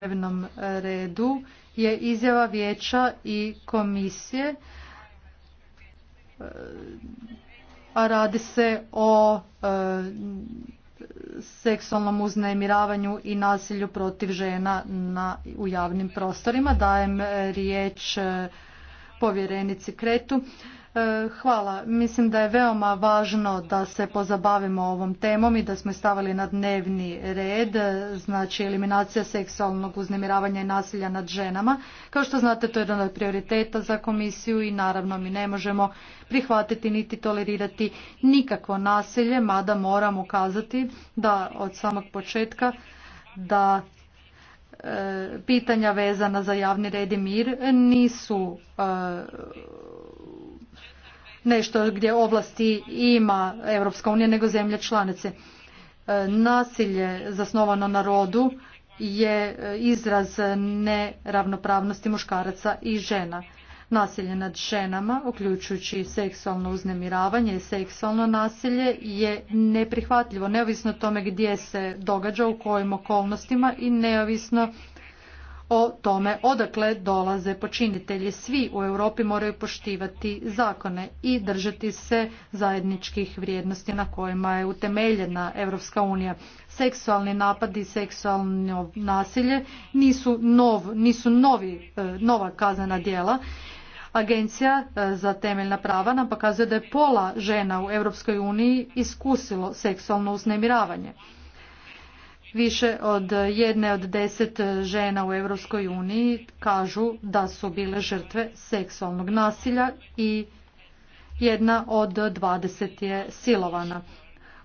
dnevnom e, redu je izjava vijeća i komisije e, a radi se o e, seksualnom uznemiravanju i nasilju protiv žena na, u javnim prostorima. Dajem riječ povjerenici Kretu. E, hvala. Mislim da je veoma važno da se pozabavimo ovom temom i da smo stavili na dnevni red, e, znači eliminacija seksualnog uznemiravanja i nasilja nad ženama. Kao što znate, to je jedan od prioriteta za komisiju i naravno mi ne možemo prihvatiti niti tolerirati nikakvo nasilje, mada moram ukazati da od samog početka da e, pitanja vezana za javni red i mir nisu nešto gdje ovlasti ima Europska unija nego zemlje članice. E, nasilje zasnovano na rodu je e, izraz neravnopravnosti muškaraca i žena. Nasilje nad ženama, uključujući seksualno uznemiravanje i seksualno nasilje, je neprihvatljivo, neovisno tome gdje se događa, u kojim okolnostima i neovisno o tome odakle dolaze počinitelji. Svi u Europi moraju poštivati zakone i držati se zajedničkih vrijednosti na kojima je utemeljena Europska unija. Seksualni napadi i seksualno nasilje nisu, nov, nisu novi, e, nova kaznena djela. Agencija e, za temeljna prava nam pokazuje da je pola žena u Europskoj uniji iskusilo seksualno uznemiravanje. Više od jedne od deset žena u Europskoj uniji kažu da su bile žrtve seksualnog nasilja i jedna od dvadeset je silovana.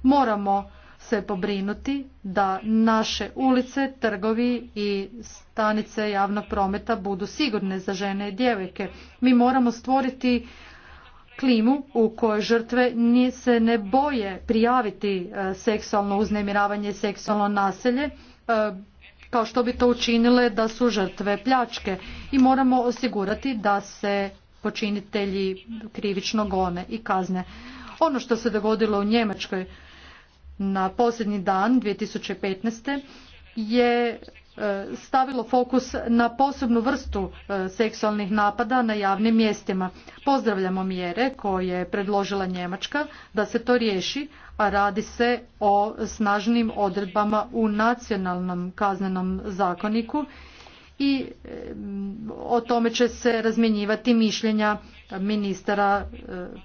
Moramo se pobrinuti da naše ulice, trgovi i stanice javnog prometa budu sigurne za žene i djevojke. Mi moramo stvoriti klimu u kojoj žrtve se ne boje prijaviti e, seksualno uznemiravanje i seksualno naselje e, kao što bi to učinile da su žrtve pljačke i moramo osigurati da se počinitelji krivično gone i kazne. Ono što se dogodilo u Njemačkoj na posljednji dan 2015. je E, stavilo fokus na posebnu vrstu e, seksualnih napada na javnim mjestima. Pozdravljamo mjere koje je predložila Njemačka da se to riješi, a radi se o snažnim odredbama u nacionalnom kaznenom zakoniku i e, o tome će se razmjenjivati mišljenja ministara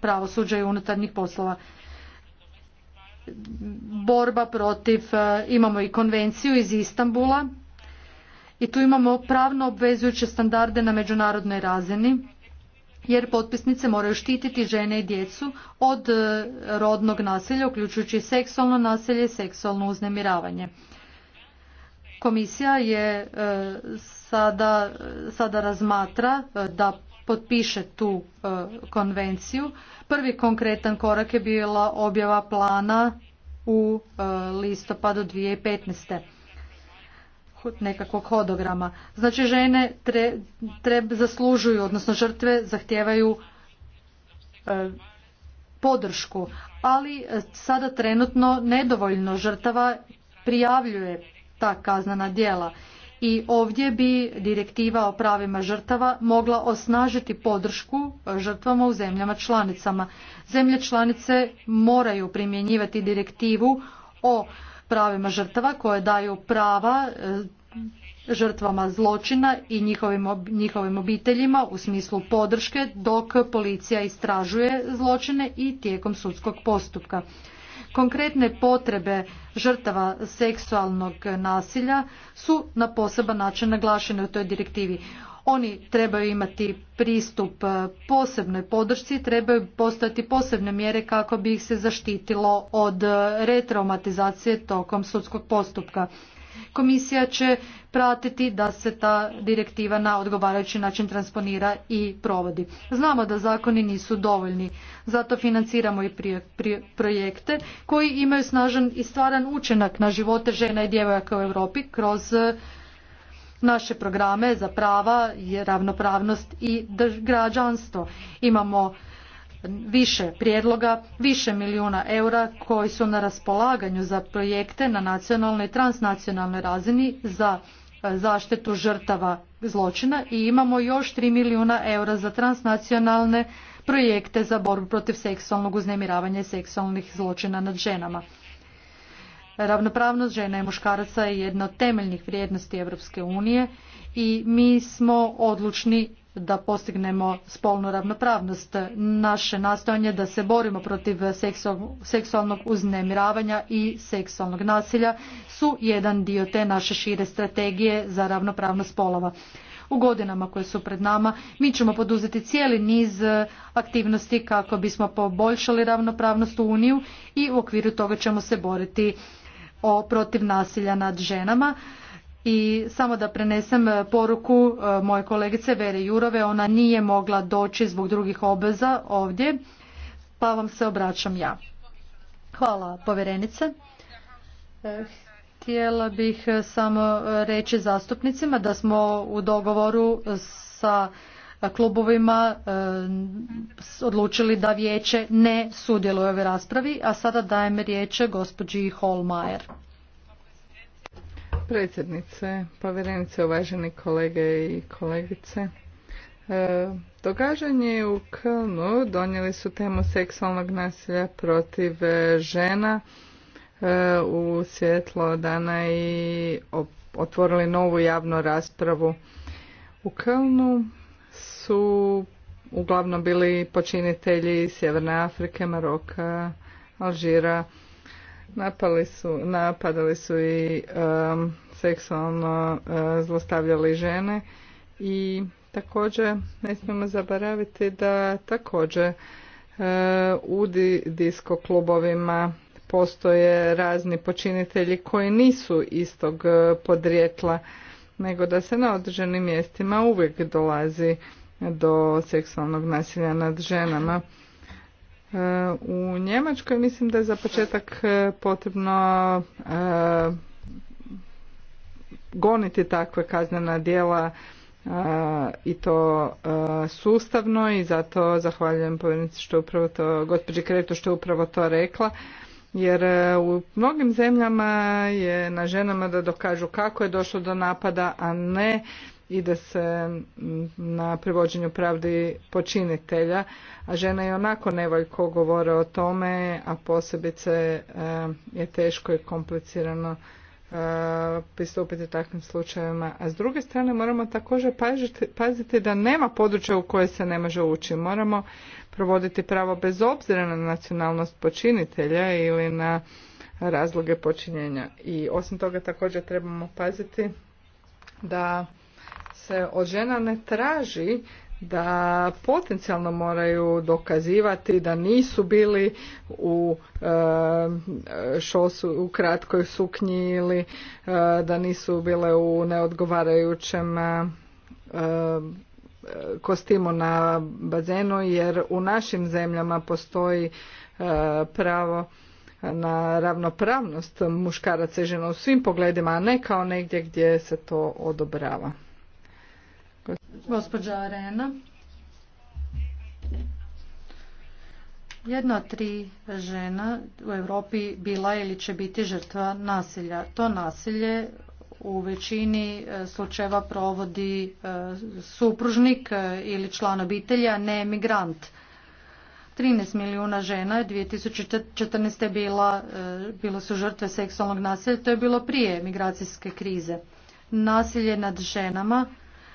pravosuđa i unutarnjih poslova borba protiv, imamo i konvenciju iz Istambula i tu imamo pravno obvezujuće standarde na međunarodnoj razini jer potpisnice moraju štititi žene i djecu od e, rodnog nasilja, uključujući seksualno nasilje i seksualno uznemiravanje. Komisija je e, sada, sada razmatra e, da potpiše tu konvenciju. Prvi konkretan korak je bila objava plana u listopadu 2015 nekakvog hodograma. Znači žene tre, zaslužuju, odnosno žrtve zahtijevaju e, podršku, ali e, sada trenutno nedovoljno žrtava prijavljuje ta kaznana djela. I ovdje bi direktiva o pravima žrtava mogla osnažiti podršku e, žrtvama u zemljama članicama. Zemlje članice moraju primjenjivati direktivu o pravima žrtava koje daju prava e, žrtvama zločina i njihovim obiteljima u smislu podrške dok policija istražuje zločine i tijekom sudskog postupka. Konkretne potrebe žrtava seksualnog nasilja su na poseban način naglašene u toj direktivi. Oni trebaju imati pristup e, posebnoj podršci, trebaju postojati posebne mjere kako bi ih se zaštitilo od e, retraumatizacije tokom sudskog postupka. Komisija će pratiti da se ta direktiva na odgovarajući način transponira i provodi. Znamo da zakoni nisu dovoljni, zato financiramo i projekte koji imaju snažan i stvaran učinak na živote žena i djevojaka u Europi kroz e, naše programe za prava, ravnopravnost i građanstvo. Imamo više prijedloga, više milijuna eura koji su na raspolaganju za projekte na nacionalnoj i transnacionalnoj razini za e, zaštitu žrtava zločina i imamo još 3 milijuna eura za transnacionalne projekte za borbu protiv seksualnog uznemiravanja i seksualnih zločina nad ženama. Ravnopravnost žena i muškaraca je jedna od temeljnih vrijednosti Europske unije i mi smo odlučni da postignemo spolnu ravnopravnost. Naše nastojanje da se borimo protiv seksualnog uznemiravanja i seksualnog nasilja su jedan dio te naše šire strategije za ravnopravnost spolova. U godinama koje su pred nama mi ćemo poduzeti cijeli niz aktivnosti kako bismo poboljšali ravnopravnost u Uniju i u okviru toga ćemo se boriti o protiv nasilja nad ženama i samo da prenesem e, poruku e, moje kolegice Vere Jurove, ona nije mogla doći zbog drugih obveza ovdje, pa vam se obraćam ja. Hvala povjerenice. E, htjela bih samo reći zastupnicima da smo u dogovoru sa klubovima e, odlučili da vijeće ne sudjeluje u ovoj raspravi, a sada dajem riječ gospođi Holmajer. Predsjednice, povjerenice, uvaženi kolege i kolegice. E, u Kölnu donijeli su temu seksualnog nasilja protiv e, žena e, u svjetlo dana i otvorili novu javnu raspravu. U Kölnu su uglavnom bili počinitelji Sjeverne Afrike, Maroka, Alžira. Napali su, napadali su i um, seksualno uh, zlostavljali žene i također ne smijemo zaboraviti da također uh, u disko klubovima postoje razni počinitelji koji nisu istog uh, podrijetla nego da se na određenim mjestima uvijek dolazi do seksualnog nasilja nad ženama. E, u Njemačkoj mislim da je za početak e, potrebno e, goniti takve kaznena djela i to sustavno i zato zahvaljujem povjerenici što upravo to, gospođi Kretu što je upravo to rekla jer e, u mnogim zemljama je na ženama da dokažu kako je došlo do napada, a ne ide se na privođenju pravdi počinitelja, a žena je onako nevoljko govore o tome, a posebice e, je teško i komplicirano E, pristupiti takvim slučajevima. A s druge strane moramo također paziti da nema područja u koje se ne može ući. Moramo provoditi pravo bez obzira na nacionalnost počinitelja ili na razloge počinjenja. I osim toga također trebamo paziti da se od žena ne traži da potencijalno moraju dokazivati da nisu bili u e, šosu u kratkoj suknji ili e, da nisu bile u neodgovarajućem e, kostimu na bazenu jer u našim zemljama postoji pravo na ravnopravnost muškaraca i žena u svim pogledima, a ne kao negdje gdje se to odobrava. Gospođa Arena. Jedna od tri žena u Europi bila ili će biti žrtva nasilja. To nasilje u većini e, slučajeva provodi e, supružnik e, ili član obitelji, a ne migrant. 13 milijuna žena je 2014. Bila, bilo su žrtve seksualnog nasilja, to je bilo prije migracijske krize. Nasilje nad ženama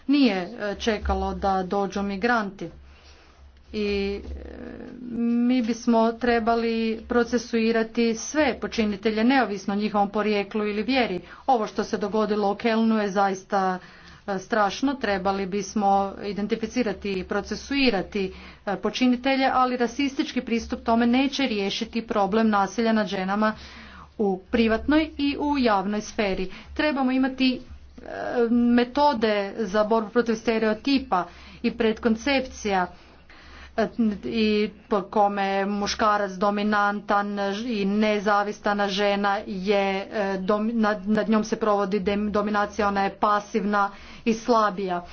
nije e, čekalo da dođu migranti. I e, mi bismo trebali procesuirati sve počinitelje neovisno o njihovom porijeklu ili vjeri. Ovo što se dogodilo u Kelnu je zaista e, strašno, trebali bismo identificirati i procesuirati počinitelje, ali rasistički pristup tome neće riješiti problem nasilja nad ženama u privatnoj i u javnoj sferi. Trebamo imati metode za borbu protiv stereotipa i predkoncepcija e, i po kome je muškarac dominantan i nezavistana žena je e, nad njom se provodi dominacija ona je pasivna i slabija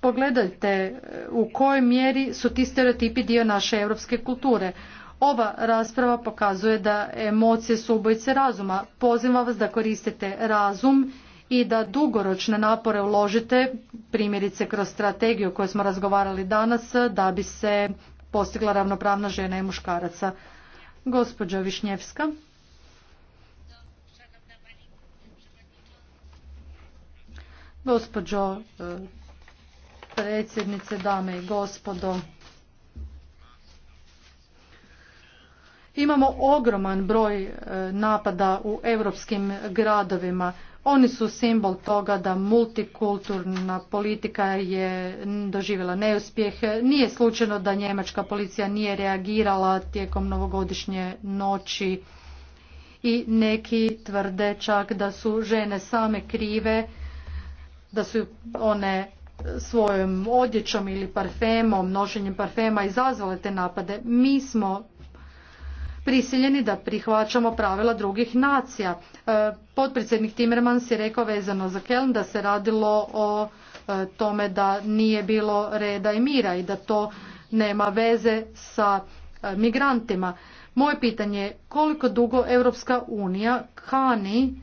pogledajte e, u kojoj mjeri su ti stereotipi dio naše europske kulture ova rasprava pokazuje da emocije su ubojice razuma. Pozivam vas da koristite razum i da dugoročne napore uložite, primjerice kroz strategiju o kojoj smo razgovarali danas, da bi se postigla ravnopravna žena i muškaraca. Gospođo Višnjevska. Gospođo eh, predsjednice, dame i gospodo, Imamo ogroman broj e, napada u europskim gradovima. Oni su simbol toga da multikulturna politika je doživjela neuspjeh. Nije slučajno da njemačka policija nije reagirala tijekom novogodišnje noći i neki tvrde čak da su žene same krive, da su one svojom odjećom ili parfemom, nošenjem parfema izazvale te napade. Mi smo prisiljeni da prihvaćamo pravila drugih nacija. E, potpredsjednik Timmermans je rekao vezano za Keln da se radilo o e, tome da nije bilo reda i mira i da to nema veze sa e, migrantima. Moje pitanje je koliko dugo Europska unija kani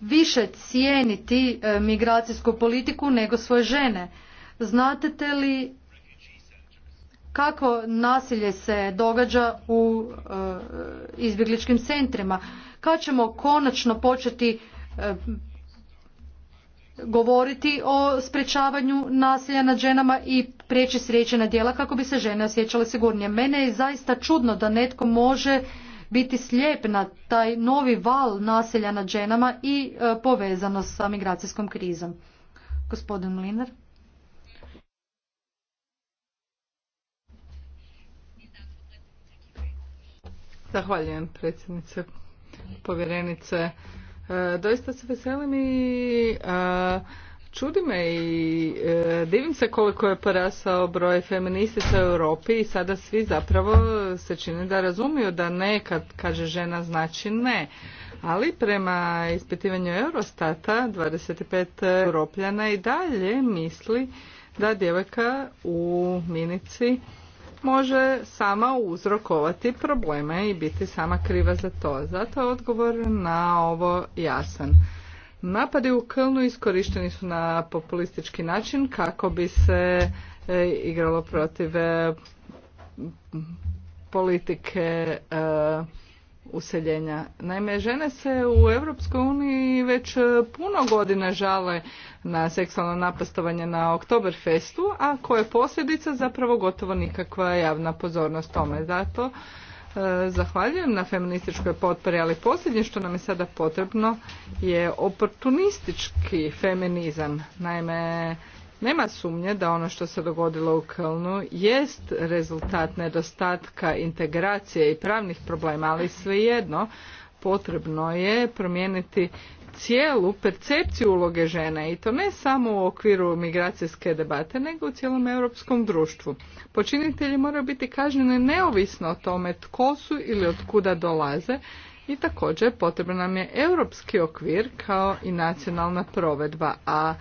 više cijeniti migracijsku politiku nego svoje žene. Znate li kako nasilje se događa u e, izbjegličkim centrima. Kad ćemo konačno početi e, govoriti o sprečavanju nasilja nad ženama i prijeći sreće na djela kako bi se žene osjećale sigurnije. Mene je zaista čudno da netko može biti slijep na taj novi val nasilja nad ženama i e, povezano sa migracijskom krizom. Gospodin Linar. Zahvaljujem predsjednice povjerenice. E, doista se veselim i e, čudi me i e, divim se koliko je porasao broj feministica u Europi i sada svi zapravo se čini da razumiju da ne kad kaže žena znači ne. Ali prema ispitivanju Eurostata 25 europljana i dalje misli da djevojka u minici može sama uzrokovati probleme i biti sama kriva za to. Zato je odgovor na ovo jasan. Napadi u Kelnu iskorišteni su na populistički način kako bi se e, igralo protiv e, politike e, useljenja. Naime, žene se u Europskoj uniji već e, puno godina žale na seksualno napastovanje na Oktoberfestu, a koje posljedica zapravo gotovo nikakva javna pozornost tome. Zato e, zahvaljujem na feminističkoj potpori, ali posljednje što nam je sada potrebno je oportunistički feminizam. Naime, nema sumnje da ono što se dogodilo u Kelnu jest rezultat nedostatka integracije i pravnih problema, ali svejedno potrebno je promijeniti cijelu percepciju uloge žene i to ne samo u okviru migracijske debate nego u cijelom europskom društvu. Počinitelji moraju biti kažnjeni neovisno o tome tko su ili od kuda dolaze i također potreban nam je europski okvir kao i nacionalna provedba, a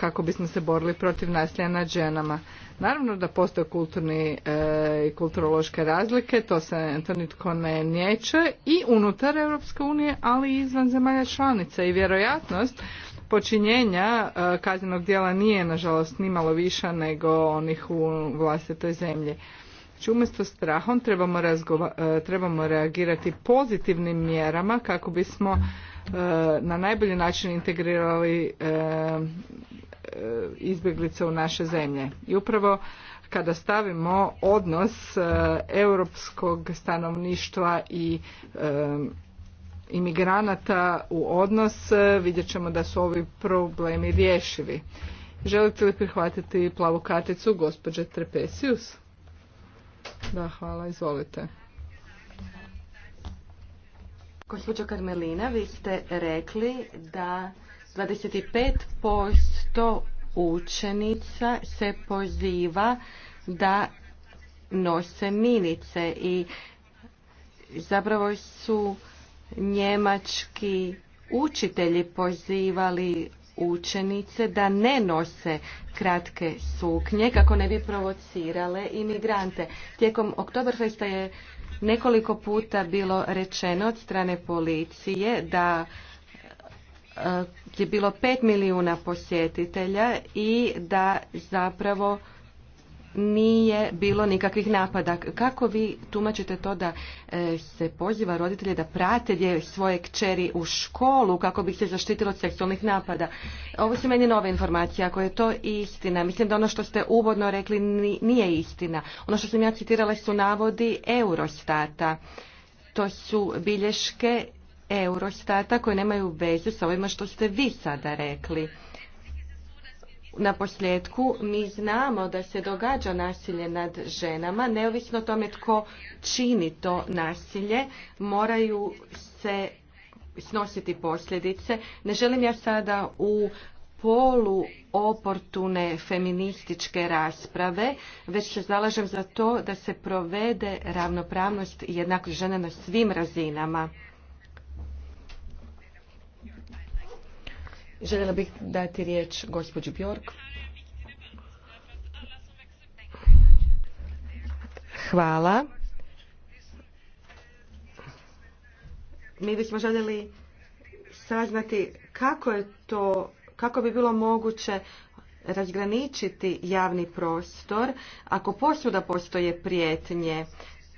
kako bismo se borili protiv nasilja nad ženama. Naravno da postoje kulturni e, i kulturološke razlike, to se to nitko ne niječe i unutar Europske unije, ali i izvan zemalja članica i vjerojatnost počinjenja e, kaznenog djela nije nažalost malo viša nego onih u vlastitoj zemlji. Znači umjesto strahom trebamo, e, trebamo reagirati pozitivnim mjerama kako bismo e, na najbolji način integrirali izbjeglice u naše zemlje. I upravo kada stavimo odnos e, europskog stanovništva i e, imigranata u odnos, e, vidjet ćemo da su ovi problemi rješivi. Želite li prihvatiti plavu karticu gospođe Trepesius? Da, hvala, izvolite. Gospođo Karmelina, vi ste rekli da 25% učenica se poziva da nose minice i zapravo su njemački učitelji pozivali učenice da ne nose kratke suknje kako ne bi provocirale imigrante. Tijekom Oktoberfesta je nekoliko puta bilo rečeno od strane policije da je bilo pet milijuna posjetitelja i da zapravo nije bilo nikakvih napada. Kako vi tumačite to da e, se poziva roditelje da prate svoje kćeri u školu kako bi se zaštitilo od seksualnih napada? Ovo su meni nove informacije. Ako je to istina, mislim da ono što ste uvodno rekli nije istina. Ono što sam ja citirala su navodi Eurostata. To su bilješke Eurostata koji nemaju veze sa ovima što ste vi sada rekli. Na posljedku mi znamo da se događa nasilje nad ženama, neovisno o tome tko čini to nasilje, moraju se snositi posljedice. Ne želim ja sada u polu oportune feminističke rasprave, već se zalažem za to da se provede ravnopravnost i jednakost žena na svim razinama. Željela bih dati riječ gospođi Bjork. Hvala. Mi bismo željeli saznati kako je to, kako bi bilo moguće razgraničiti javni prostor ako posuda postoje prijetnje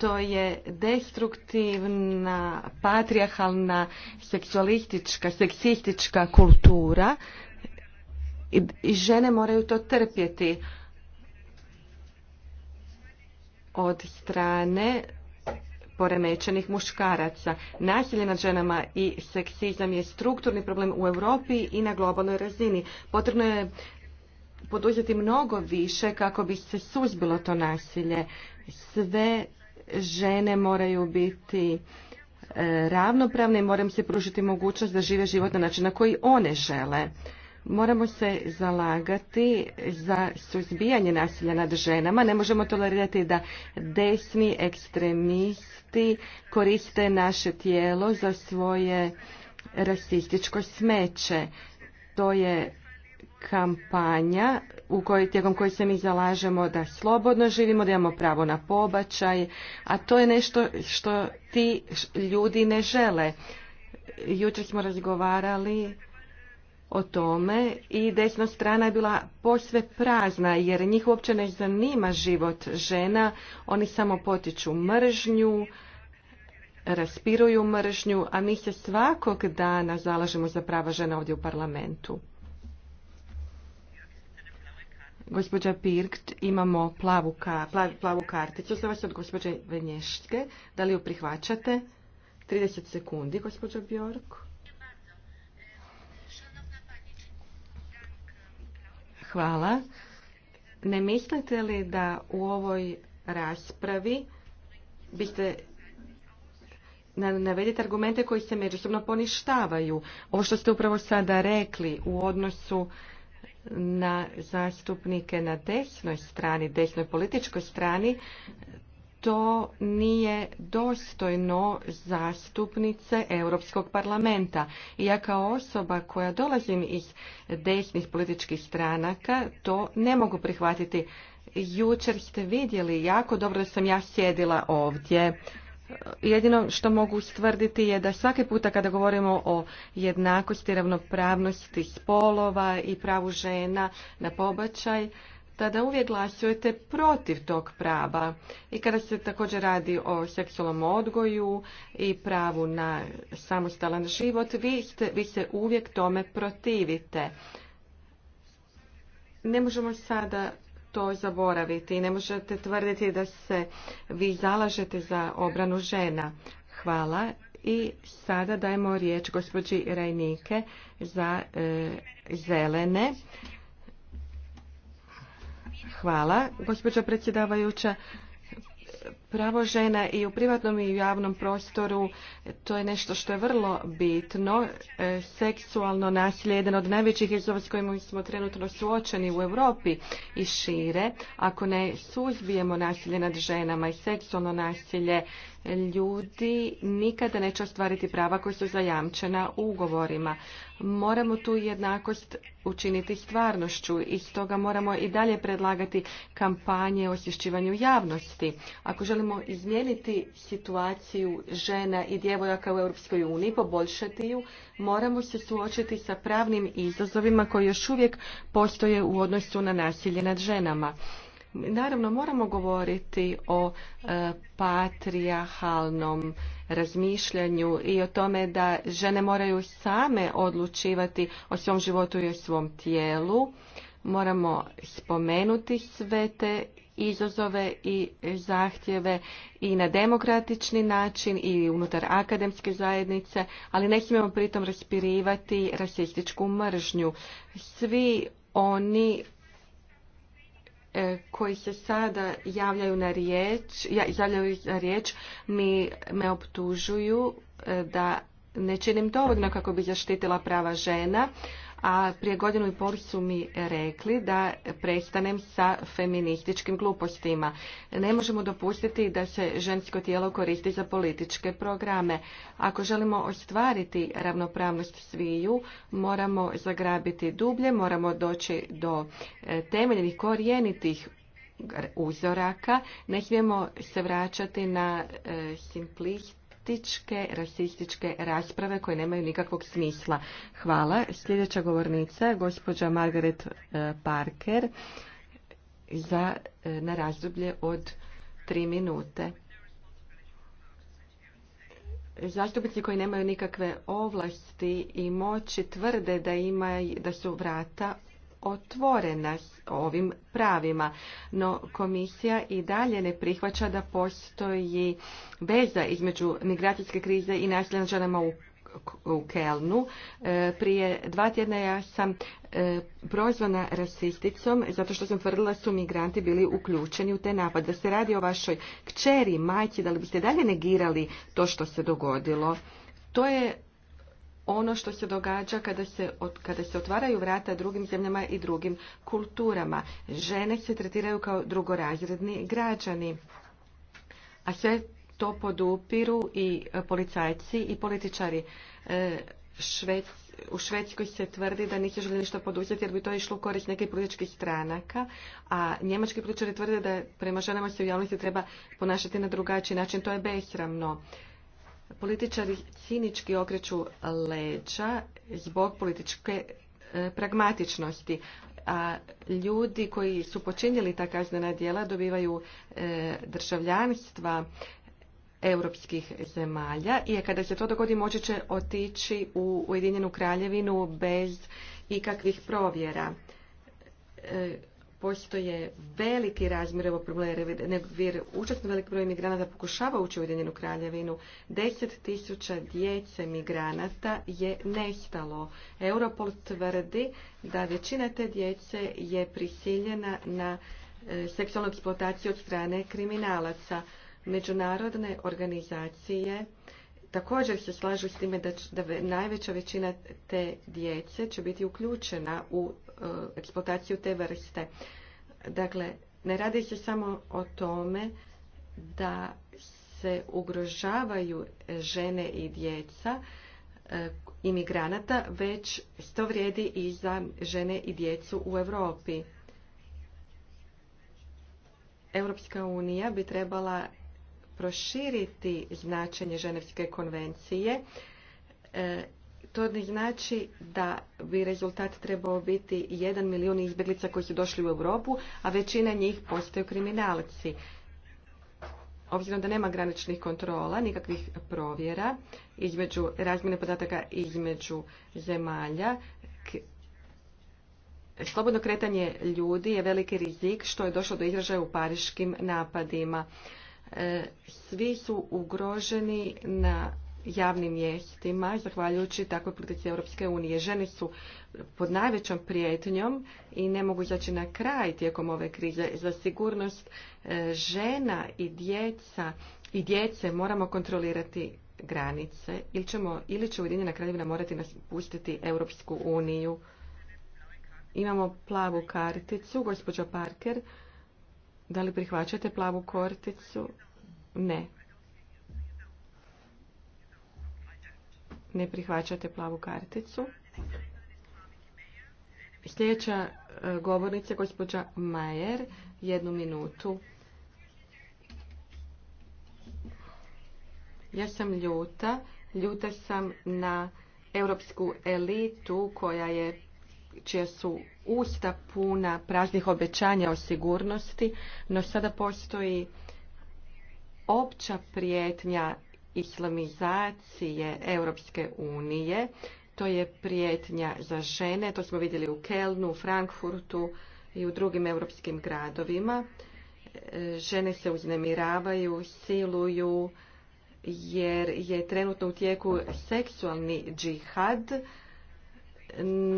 to je destruktivna, patrijahalna, seksualistička, seksistička kultura i žene moraju to trpjeti od strane poremećenih muškaraca. Nasilje nad ženama i seksizam je strukturni problem u Europi i na globalnoj razini. Potrebno je poduzeti mnogo više kako bi se suzbilo to nasilje. Sve žene moraju biti e, ravnopravne i moramo se pružiti mogućnost da žive život na način na koji one žele. Moramo se zalagati za suzbijanje nasilja nad ženama. Ne možemo tolerirati da desni ekstremisti koriste naše tijelo za svoje rasističko smeće. To je kampanja u kojoj, tijekom koje se mi zalažemo da slobodno živimo, da imamo pravo na pobačaj, a to je nešto što ti ljudi ne žele. Jučer smo razgovarali o tome i desna strana je bila posve prazna jer njih uopće ne zanima život žena, oni samo potiču mržnju, raspiruju mržnju, a mi se svakog dana zalažemo za prava žena ovdje u parlamentu. Gospođa Pirkt, imamo plavu, ka, plavu karticu za vas od gospođe Venješke. Da li ju prihvaćate? 30 sekundi, gospođo Bjork. Hvala. Ne mislite li da u ovoj raspravi biste navedite argumente koji se međusobno poništavaju? Ovo što ste upravo sada rekli u odnosu na zastupnike na desnoj strani, desnoj političkoj strani, to nije dostojno zastupnice Europskog parlamenta. I ja kao osoba koja dolazim iz desnih političkih stranaka to ne mogu prihvatiti. Jučer ste vidjeli jako dobro da sam ja sjedila ovdje jedino što mogu stvrditi je da svaki puta kada govorimo o jednakosti, ravnopravnosti spolova i pravu žena na pobačaj, tada uvijek glasujete protiv tog prava. I kada se također radi o seksualnom odgoju i pravu na samostalan život, vi, ste, vi se uvijek tome protivite. Ne možemo sada to zaboraviti i ne možete tvrditi da se vi zalažete za obranu žena. Hvala. I sada dajemo riječ gospođi Rajnike za e, zelene. Hvala, gospođa predsjedavajuća. Pravo žena i u privatnom i u javnom prostoru, to je nešto što je vrlo bitno. E, seksualno nasilje je jedan od najvećih izazova s kojima smo trenutno suočeni u Europi i šire. Ako ne suzbijemo nasilje nad ženama i seksualno nasilje, ljudi nikada neće ostvariti prava koja su zajamčena u ugovorima. Moramo tu jednakost učiniti stvarnošću i stoga moramo i dalje predlagati kampanje o osvješćivanju javnosti. Ako želimo želimo izmijeniti situaciju žena i djevojaka u Europskoj uniji, poboljšati ju, moramo se suočiti sa pravnim izazovima koji još uvijek postoje u odnosu na nasilje nad ženama. Naravno, moramo govoriti o e, patrijahalnom razmišljanju i o tome da žene moraju same odlučivati o svom životu i o svom tijelu. Moramo spomenuti sve te izazove i zahtjeve i na demokratični način i unutar akademske zajednice, ali ne smijemo pritom raspirivati rasističku mržnju. Svi oni e, koji se sada javljaju na riječ, javljaju na riječ, mi me optužuju e, da ne činim dovoljno kako bi zaštitila prava žena, a prije godinu i pol su mi rekli da prestanem sa feminističkim glupostima. Ne možemo dopustiti da se žensko tijelo koristi za političke programe. Ako želimo ostvariti ravnopravnost sviju, moramo zagrabiti dublje, moramo doći do e, temeljnih korijenitih uzoraka. Ne smijemo se vraćati na e, simplist seksističke, rasističke rasprave koje nemaju nikakvog smisla. Hvala. Sljedeća govornica, gospođa Margaret e, Parker, za, e, na razdoblje od tri minute. Zastupnici koji nemaju nikakve ovlasti i moći tvrde da, ima, da su vrata otvorena ovim pravima, no komisija i dalje ne prihvaća da postoji veza između migracijske krize i nasilja nad ženama u u Kelnu. E, prije dva tjedna ja sam e, prozvana rasisticom zato što sam tvrdila su migranti bili uključeni u te napade. Da se radi o vašoj kćeri, majci, da li biste dalje negirali to što se dogodilo? To je ono što se događa kada se, kada se otvaraju vrata drugim zemljama i drugim kulturama. Žene se tretiraju kao drugorazredni građani. A sve to podupiru i e, policajci i političari. E, u Švedskoj se tvrdi da nisu želi ništa poduzeti jer bi to išlo u korist nekih političkih stranaka, a njemački političari tvrde da prema ženama se u javnosti treba ponašati na drugačiji način. To je besramno. Političari cinički okreću leđa zbog političke e, pragmatičnosti a ljudi koji su počinili ta kaznena djela dobivaju e, državljanstva europskih zemalja i kada se to dogodi moći će otići u Ujedinjenu kraljevinu bez ikakvih provjera. E, postoje veliki razmjer ovog problema, jer učestno velik broj migranata pokušava ući u Ujedinjenu kraljevinu. Deset tisuća djece migranata je nestalo. Europol tvrdi da većina te djece je prisiljena na e, seksualnu eksploataciju od strane kriminalaca. Međunarodne organizacije također se slažu s time da, da najveća većina te djece će biti uključena u E, eksploataciju te vrste. Dakle, ne radi se samo o tome da se ugrožavaju žene i djeca e, imigranata, već to vrijedi i za žene i djecu u Europi. Europska unija bi trebala proširiti značenje Ženevske konvencije e, to ne znači da bi rezultat trebao biti jedan milijun izbjeglica koji su došli u Europu, a većina njih postaju kriminalci. Obzirom da nema graničnih kontrola, nikakvih provjera između razmjene podataka između zemalja, slobodno kretanje ljudi je veliki rizik što je došlo do izražaja u pariškim napadima. E, svi su ugroženi na javnim mjestima, zahvaljujući takvoj politici Europske unije. Žene su pod najvećom prijetnjom i ne mogu zaći na kraj tijekom ove krize. Za sigurnost e, žena i djeca i djece moramo kontrolirati granice ili, ćemo, ili će Ujedinjena kraljevina morati nas pustiti Europsku uniju. Imamo plavu karticu, gospođo Parker. Da li prihvaćate plavu karticu? Ne. ne prihvaćate plavu karticu. Sljedeća e, govornica, gospođa Majer, jednu minutu. Ja sam ljuta. Ljuta sam na europsku elitu koja je čija su usta puna praznih obećanja o sigurnosti, no sada postoji opća prijetnja islamizacije Europske unije. To je prijetnja za žene, to smo vidjeli u Kelnu, u Frankfurtu i u drugim europskim gradovima. Žene se uznemiravaju, siluju, jer je trenutno u tijeku seksualni džihad.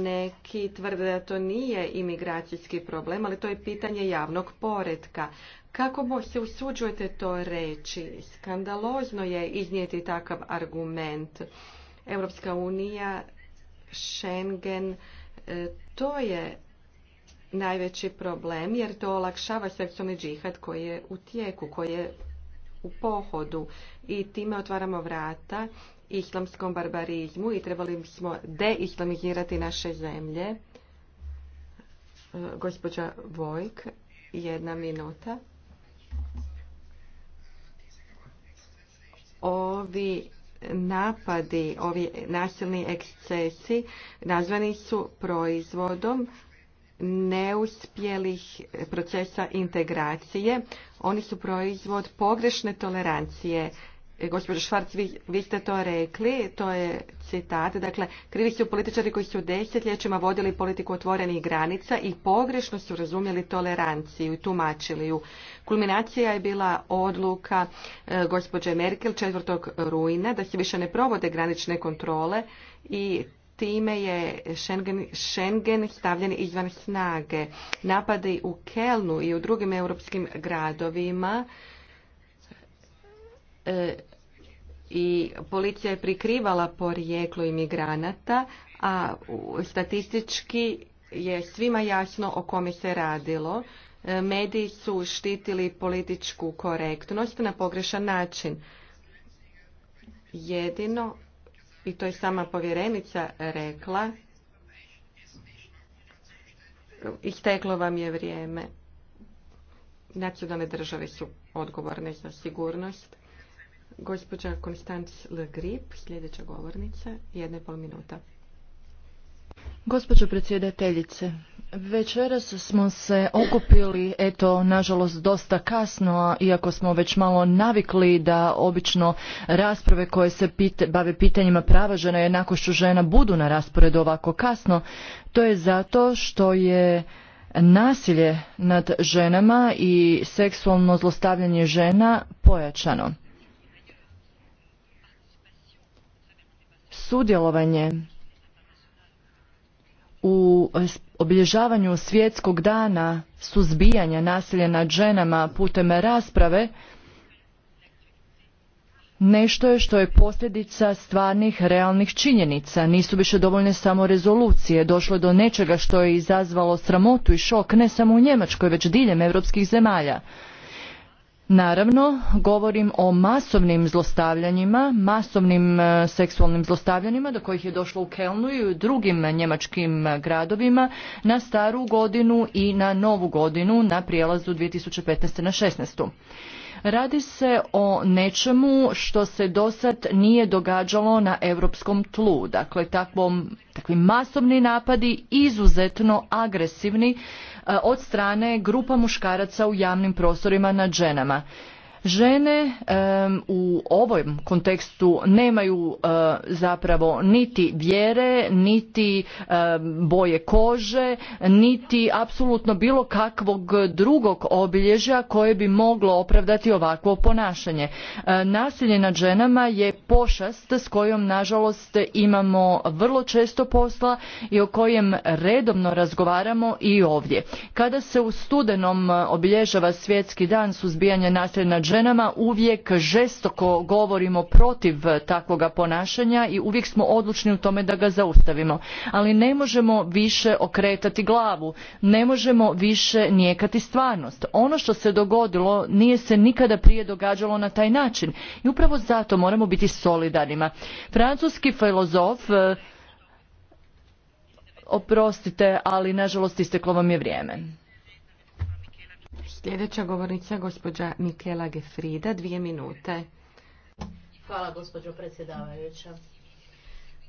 Neki tvrde da to nije imigracijski problem, ali to je pitanje javnog poredka. Kako se usuđujete to reći? Skandalozno je iznijeti takav argument. Europska unija, Schengen, e, to je najveći problem jer to olakšava seksualni džihad koji je u tijeku, koji je u pohodu i time otvaramo vrata islamskom barbarizmu i trebali smo deislamizirati naše zemlje. E, gospođa Vojk, jedna minuta. ovi napadi, ovi nasilni ekscesi nazvani su proizvodom neuspjelih procesa integracije. Oni su proizvod pogrešne tolerancije E, gospođo Švarc, vi, vi, ste to rekli, to je citat, dakle, krivi su političari koji su desetljećima vodili politiku otvorenih granica i pogrešno su razumjeli toleranciju i tumačili ju. Kulminacija je bila odluka e, gospođe Merkel 4. rujna da se više ne provode granične kontrole i time je Schengen, Schengen stavljen izvan snage. Napadi u Kelnu i u drugim europskim gradovima E, i policija je prikrivala porijeklo imigranata, a statistički je svima jasno o kome se radilo. E, mediji su štitili političku korektnost na pogrešan način. Jedino, i to je sama povjerenica rekla, isteklo vam je vrijeme. Nacionalne države su odgovorne za sigurnost. Gospođa Konstanc Le Grip, sljedeća govornica, jedna i pol minuta. Gospođo predsjedateljice, večeras smo se okupili, eto, nažalost, dosta kasno, iako smo već malo navikli da obično rasprave koje se bave pitanjima prava žena i jednakošću žena budu na rasporedu ovako kasno. To je zato što je nasilje nad ženama i seksualno zlostavljanje žena pojačano. sudjelovanje u obilježavanju svjetskog dana suzbijanja nasilja nad ženama putem rasprave nešto je što je posljedica stvarnih realnih činjenica nisu više dovoljne samo rezolucije došlo je do nečega što je izazvalo sramotu i šok ne samo u njemačkoj već diljem europskih zemalja Naravno, govorim o masovnim zlostavljanjima, masovnim e, seksualnim zlostavljanjima do kojih je došlo u Kelnu i u drugim njemačkim gradovima na staru godinu i na novu godinu na prijelazu 2015. na 16. Radi se o nečemu što se dosad nije događalo na europskom tlu, dakle takvom nekakvi masovni napadi izuzetno agresivni e, od strane grupa muškaraca u javnim prostorima nad ženama Žene u ovom kontekstu nemaju e, zapravo niti vjere, niti e, boje kože, niti apsolutno bilo kakvog drugog obilježja koje bi moglo opravdati ovakvo ponašanje. E, nasilje nad ženama je pošast s kojom nažalost imamo vrlo često posla i o kojem redovno razgovaramo i ovdje. Kada se u studenom obilježava svjetski dan suzbijanja nasilja nad ženama uvijek žestoko govorimo protiv takvoga ponašanja i uvijek smo odlučni u tome da ga zaustavimo ali ne možemo više okretati glavu ne možemo više nijekati stvarnost ono što se dogodilo nije se nikada prije događalo na taj način i upravo zato moramo biti solidarnima francuski filozof e, oprostite ali nažalost isteklo vam je vrijeme Sljedeća govornica gospođa Mikela Gefrida, dvije minute. Hvala gospođo predsjedavajuća.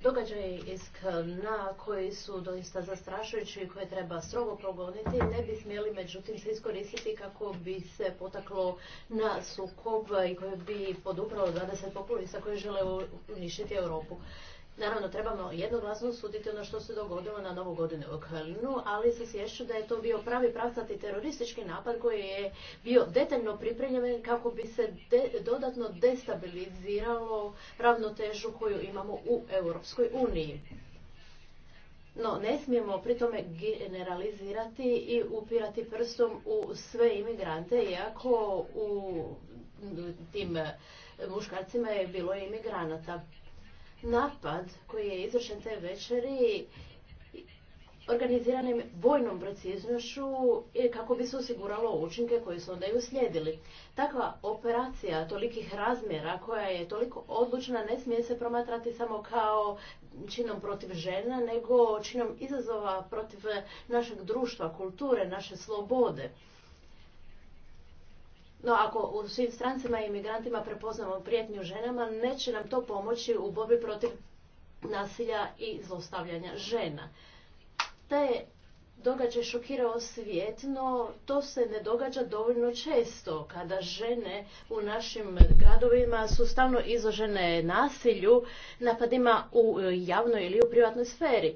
Događaj iz Kna koji su doista zastrašujući i koje treba strogo progoniti ne bi smjeli međutim se iskoristiti kako bi se potaklo na sukob i koje bi podupravo 20 populista koji žele uništiti Europu. Naravno, trebamo jednoglasno suditi ono što se dogodilo na Novu godinu u ali se sješću da je to bio pravi pravcati teroristički napad koji je bio detaljno pripremljen kako bi se dodatno destabiliziralo ravnotežu koju imamo u Europskoj uniji. No, ne smijemo pri tome generalizirati i upirati prstom u sve imigrante, iako u tim muškarcima je bilo imigranata. Napad koji je izvršen te večeri organiziranim vojnom preciznošću kako bi se osiguralo učinke koji su onda i uslijedili. Takva operacija tolikih razmjera koja je toliko odlučna ne smije se promatrati samo kao činom protiv žena, nego činom izazova protiv našeg društva, kulture, naše slobode. No ako u svim strancima i imigrantima prepoznamo prijetnju ženama, neće nam to pomoći u borbi protiv nasilja i zlostavljanja žena. Te događaj šokirao svijet, no to se ne događa dovoljno često kada žene u našim gradovima su stalno izložene nasilju, napadima u javnoj ili u privatnoj sferi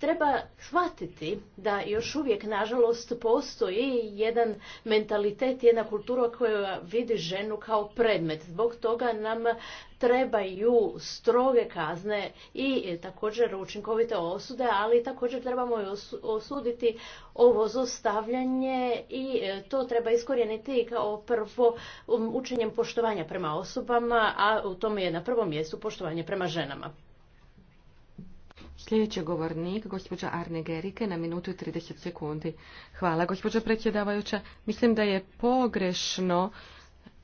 treba shvatiti da još uvijek nažalost postoji jedan mentalitet, jedna kultura koja vidi ženu kao predmet. Zbog toga nam trebaju stroge kazne i također učinkovite osude, ali također trebamo osuditi ovo zostavljanje i e, to treba iskorijeniti kao prvo um, učenjem poštovanja prema osobama, a u tome je na prvom mjestu poštovanje prema ženama. Sljedeći govornik, gospođa Arne Gerike, na minutu i 30 sekundi. Hvala, gospođa predsjedavajuća. Mislim da je pogrešno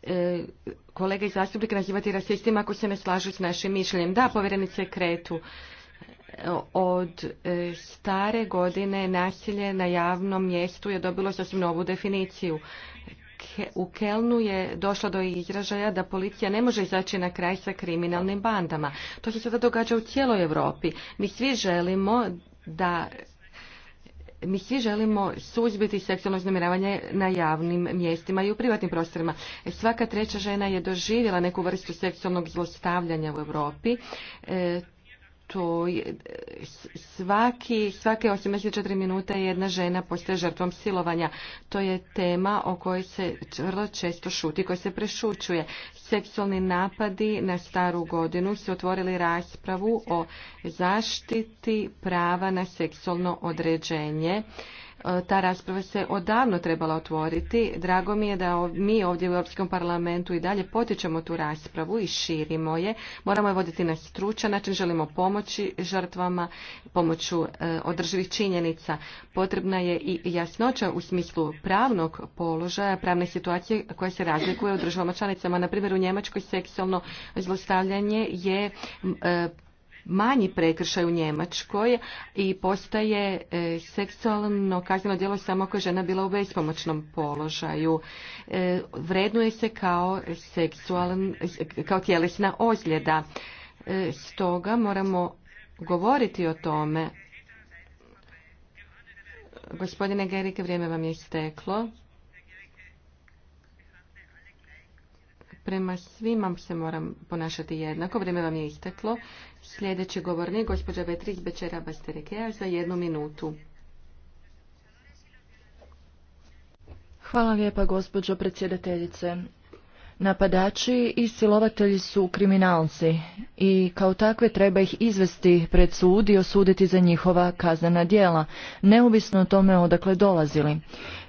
e, kolege i zastupnike nazivati rasistima ako se ne slažu s našim mišljenjem. Da, povjerenice kretu. Od e, stare godine nasilje na javnom mjestu je dobilo sasvim novu definiciju u Kelnu je došlo do izražaja da policija ne može izaći na kraj sa kriminalnim bandama. To se sada događa u cijeloj Europi. Mi svi želimo da mi svi želimo suzbiti seksualno uznemiravanje na javnim mjestima i u privatnim prostorima. E, svaka treća žena je doživjela neku vrstu seksualnog zlostavljanja u Europi. E, tu svaki, svake 84 minute jedna žena postaje žrtvom silovanja. To je tema o kojoj se vrlo često šuti, koja se prešućuje. Seksualni napadi na staru godinu su otvorili raspravu o zaštiti prava na seksualno određenje. E, ta rasprava se odavno trebala otvoriti. Drago mi je da mi ovdje u Europskom parlamentu i dalje potičemo tu raspravu i širimo je. Moramo je voditi na stručan način, želimo pomoći žrtvama, pomoću e, održivih činjenica. Potrebna je i jasnoća u smislu pravnog položaja, pravne situacije koja se razlikuje u državama članicama. Na primjer, u Njemačkoj seksualno zlostavljanje je e, manji prekršaj u Njemačkoj i postaje e, seksualno kazneno djelo samo ako je žena bila u bespomoćnom položaju. E, vrednuje se kao, seksualn, kao tjelesna ozljeda. E, stoga moramo govoriti o tome. Gospodine Gerike, vrijeme vam je isteklo. prema svima se moram ponašati jednako. Vrijeme vam je isteklo. Sljedeći govornik, gospođa Betrić Bečera Basterekea, za jednu minutu. Hvala lijepa, gospođo predsjedateljice. Napadači i silovatelji su kriminalci i kao takve treba ih izvesti pred sud i osuditi za njihova kaznena djela, neovisno o tome odakle dolazili.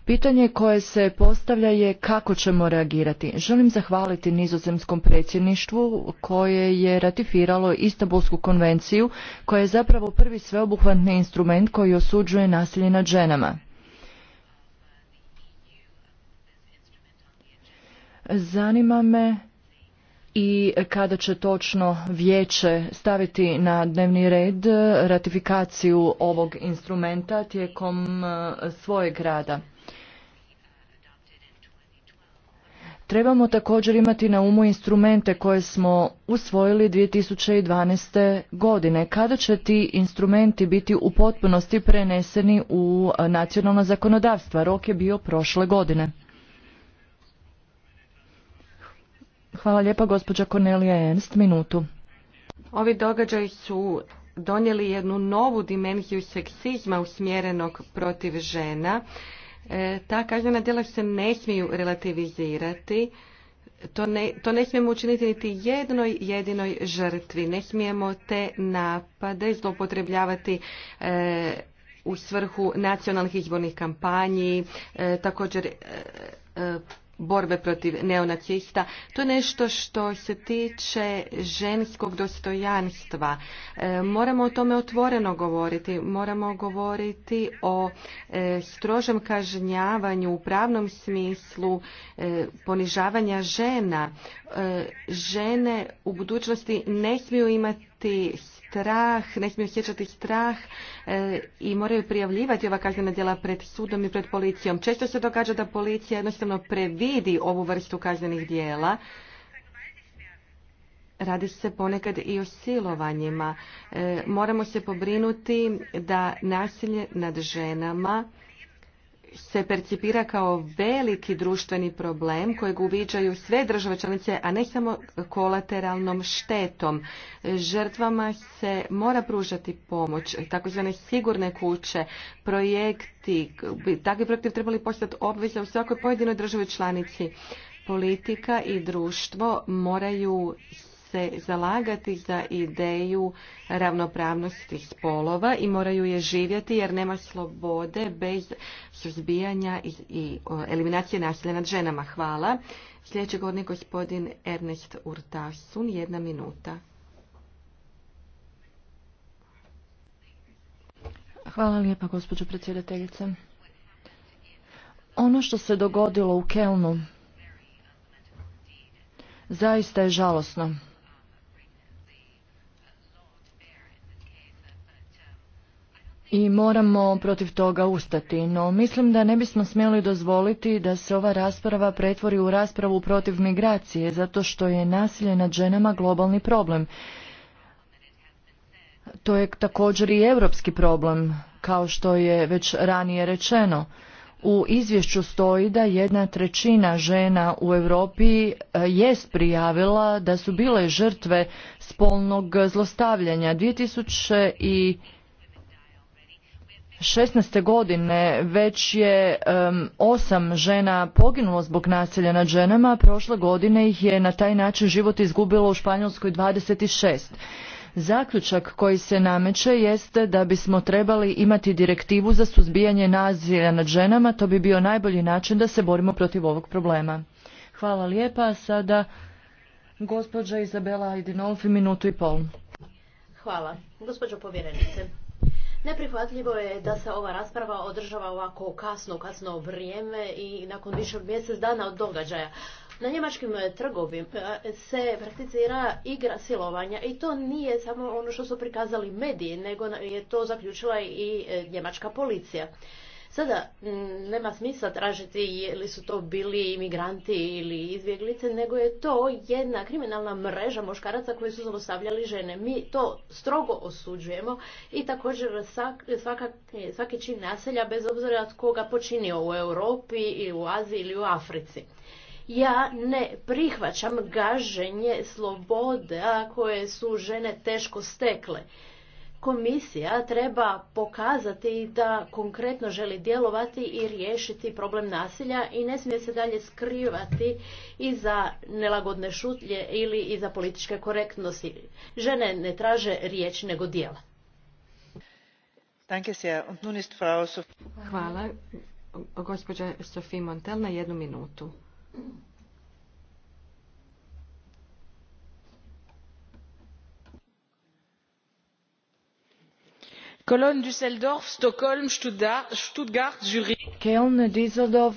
Pitanje koje se postavlja je kako ćemo reagirati. Želim zahvaliti nizozemskom predsjedništvu koje je ratifiralo Istanbulsku konvenciju koja je zapravo prvi sveobuhvatni instrument koji osuđuje nasilje nad ženama. Zanima me i kada će točno vijeće staviti na dnevni red ratifikaciju ovog instrumenta tijekom e, svojeg rada. Trebamo također imati na umu instrumente koje smo usvojili 2012. godine. Kada će ti instrumenti biti u potpunosti preneseni u e, nacionalno zakonodavstva? Rok je bio prošle godine. Hvala lijepa gospođa Cornelia Ernst, minutu. Ovi događaji su donijeli jednu novu dimenziju seksizma usmjerenog protiv žena. E, ta kaznena djela se ne smiju relativizirati. To ne, to ne smijemo učiniti niti jednoj jedinoj žrtvi. Ne smijemo te napade zloupotrebljavati e, u svrhu nacionalnih izbornih kampanji, e, također e, e, borbe protiv neonacista. To je nešto što se tiče ženskog dostojanstva. E, moramo o tome otvoreno govoriti. Moramo govoriti o e, strožem kažnjavanju u pravnom smislu e, ponižavanja žena. Žene u budućnosti ne smiju imati strah, ne smiju osjećati strah e, i moraju prijavljivati ova kaznena djela pred sudom i pred policijom. Često se događa da policija jednostavno previdi ovu vrstu kaznenih djela. Radi se ponekad i o silovanjima. E, moramo se pobrinuti da nasilje nad ženama se percipira kao veliki društveni problem kojeg uviđaju sve države članice, a ne samo kolateralnom štetom. Žrtvama se mora pružati pomoć, takozvane sigurne kuće, projekti, takvi projekti trebali postati obveza u svakoj pojedinoj državi članici. Politika i društvo moraju se zalagati za ideju ravnopravnosti spolova i moraju je živjeti jer nema slobode bez suzbijanja i eliminacije nasilja nad ženama. Hvala. Sljedeći govornik gospodin Ernest Urtasun, jedna minuta. Hvala lijepa gospođo predsjedateljice. Ono što se dogodilo u Kelnu zaista je žalosno. i moramo protiv toga ustati, no mislim da ne bismo smjeli dozvoliti da se ova rasprava pretvori u raspravu protiv migracije, zato što je nasilje nad ženama globalni problem. To je također i europski problem, kao što je već ranije rečeno. U izvješću stoji da jedna trećina žena u Europi e, jest prijavila da su bile žrtve spolnog zlostavljanja. 2000 i 2016. godine već je osam žena poginulo zbog nasilja nad ženama, a prošle godine ih je na taj način život izgubilo u Španjolskoj 26. Zaključak koji se nameće jeste da bismo trebali imati direktivu za suzbijanje nasilja nad ženama, to bi bio najbolji način da se borimo protiv ovog problema. Hvala lijepa, sada gospođa Izabela Idinolfi, minutu i pol. Hvala, gospođo povjerenice. Neprihvatljivo je da se ova rasprava održava ovako kasno, kasno vrijeme i nakon više mjesec dana od događaja. Na njemačkim e, trgovima e, se prakticira igra silovanja i to nije samo ono što su prikazali mediji, nego je to zaključila i e, njemačka policija. Sada mm, nema smisla tražiti je li su to bili imigranti ili izbjeglice, nego je to jedna kriminalna mreža moškaraca koji su zlostavljali žene. Mi to strogo osuđujemo i također svaki čin naselja bez obzira od koga počinio u Europi ili u Aziji ili u Africi. Ja ne prihvaćam gaženje sloboda koje su žene teško stekle komisija treba pokazati da konkretno želi djelovati i riješiti problem nasilja i ne smije se dalje skrivati iza nelagodne šutlje ili iza političke korektnosti. Žene ne traže riječ nego djela. Hvala. Gospođa Sofie Montel na jednu minutu. Cologne, Düsseldorf, Stockholm, Stuttgart, Zurich. Keln, Düsseldorf,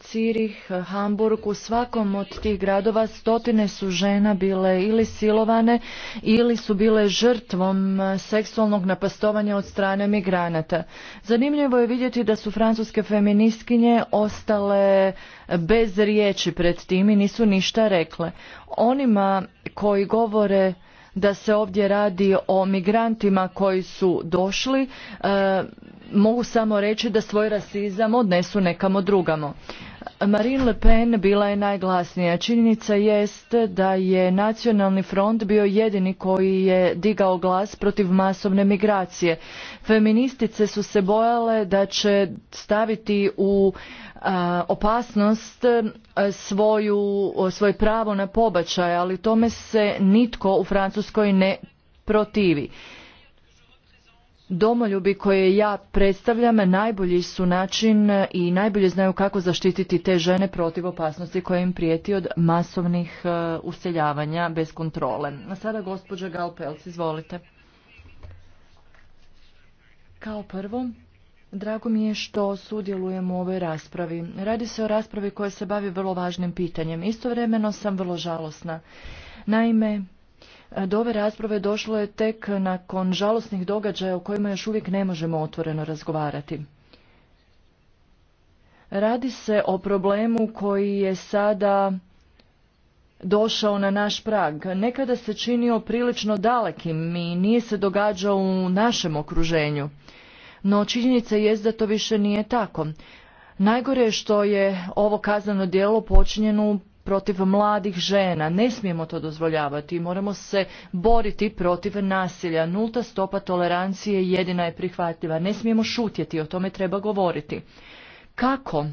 Cirih, Hamburg, u svakom od tih gradova stotine su žena bile ili silovane ili su bile žrtvom seksualnog napastovanja od strane migranata. Zanimljivo je vidjeti da su francuske feministkinje ostale bez riječi pred tim i nisu ništa rekle. Onima koji govore da se ovdje radi o migrantima koji su došli e, mogu samo reći da svoj rasizam odnesu nekamo drugamo. Marine Le Pen bila je najglasnija. Činjenica jest da je Nacionalni front bio jedini koji je digao glas protiv masovne migracije. Feministice su se bojale da će staviti u opasnost e, svoju, svoje pravo na pobačaj, ali tome se nitko u Francuskoj ne protivi. Domoljubi koje ja predstavljam najbolji su način i najbolje znaju kako zaštititi te žene protiv opasnosti koja im prijeti od masovnih e, useljavanja bez kontrole. A sada gospođa Galpelc, izvolite. Kao prvo, Drago mi je što sudjelujem u ovoj raspravi. Radi se o raspravi koja se bavi vrlo važnim pitanjem. Istovremeno sam vrlo žalosna. Naime, do ove rasprave došlo je tek nakon žalosnih događaja o kojima još uvijek ne možemo otvoreno razgovarati. Radi se o problemu koji je sada došao na naš prag. Nekada se činio prilično dalekim i nije se događao u našem okruženju no činjenica jest da to više nije tako. Najgore je što je ovo kazneno djelo počinjeno protiv mladih žena. Ne smijemo to dozvoljavati i moramo se boriti protiv nasilja. Nulta stopa tolerancije jedina je prihvatljiva. Ne smijemo šutjeti, o tome treba govoriti. Kako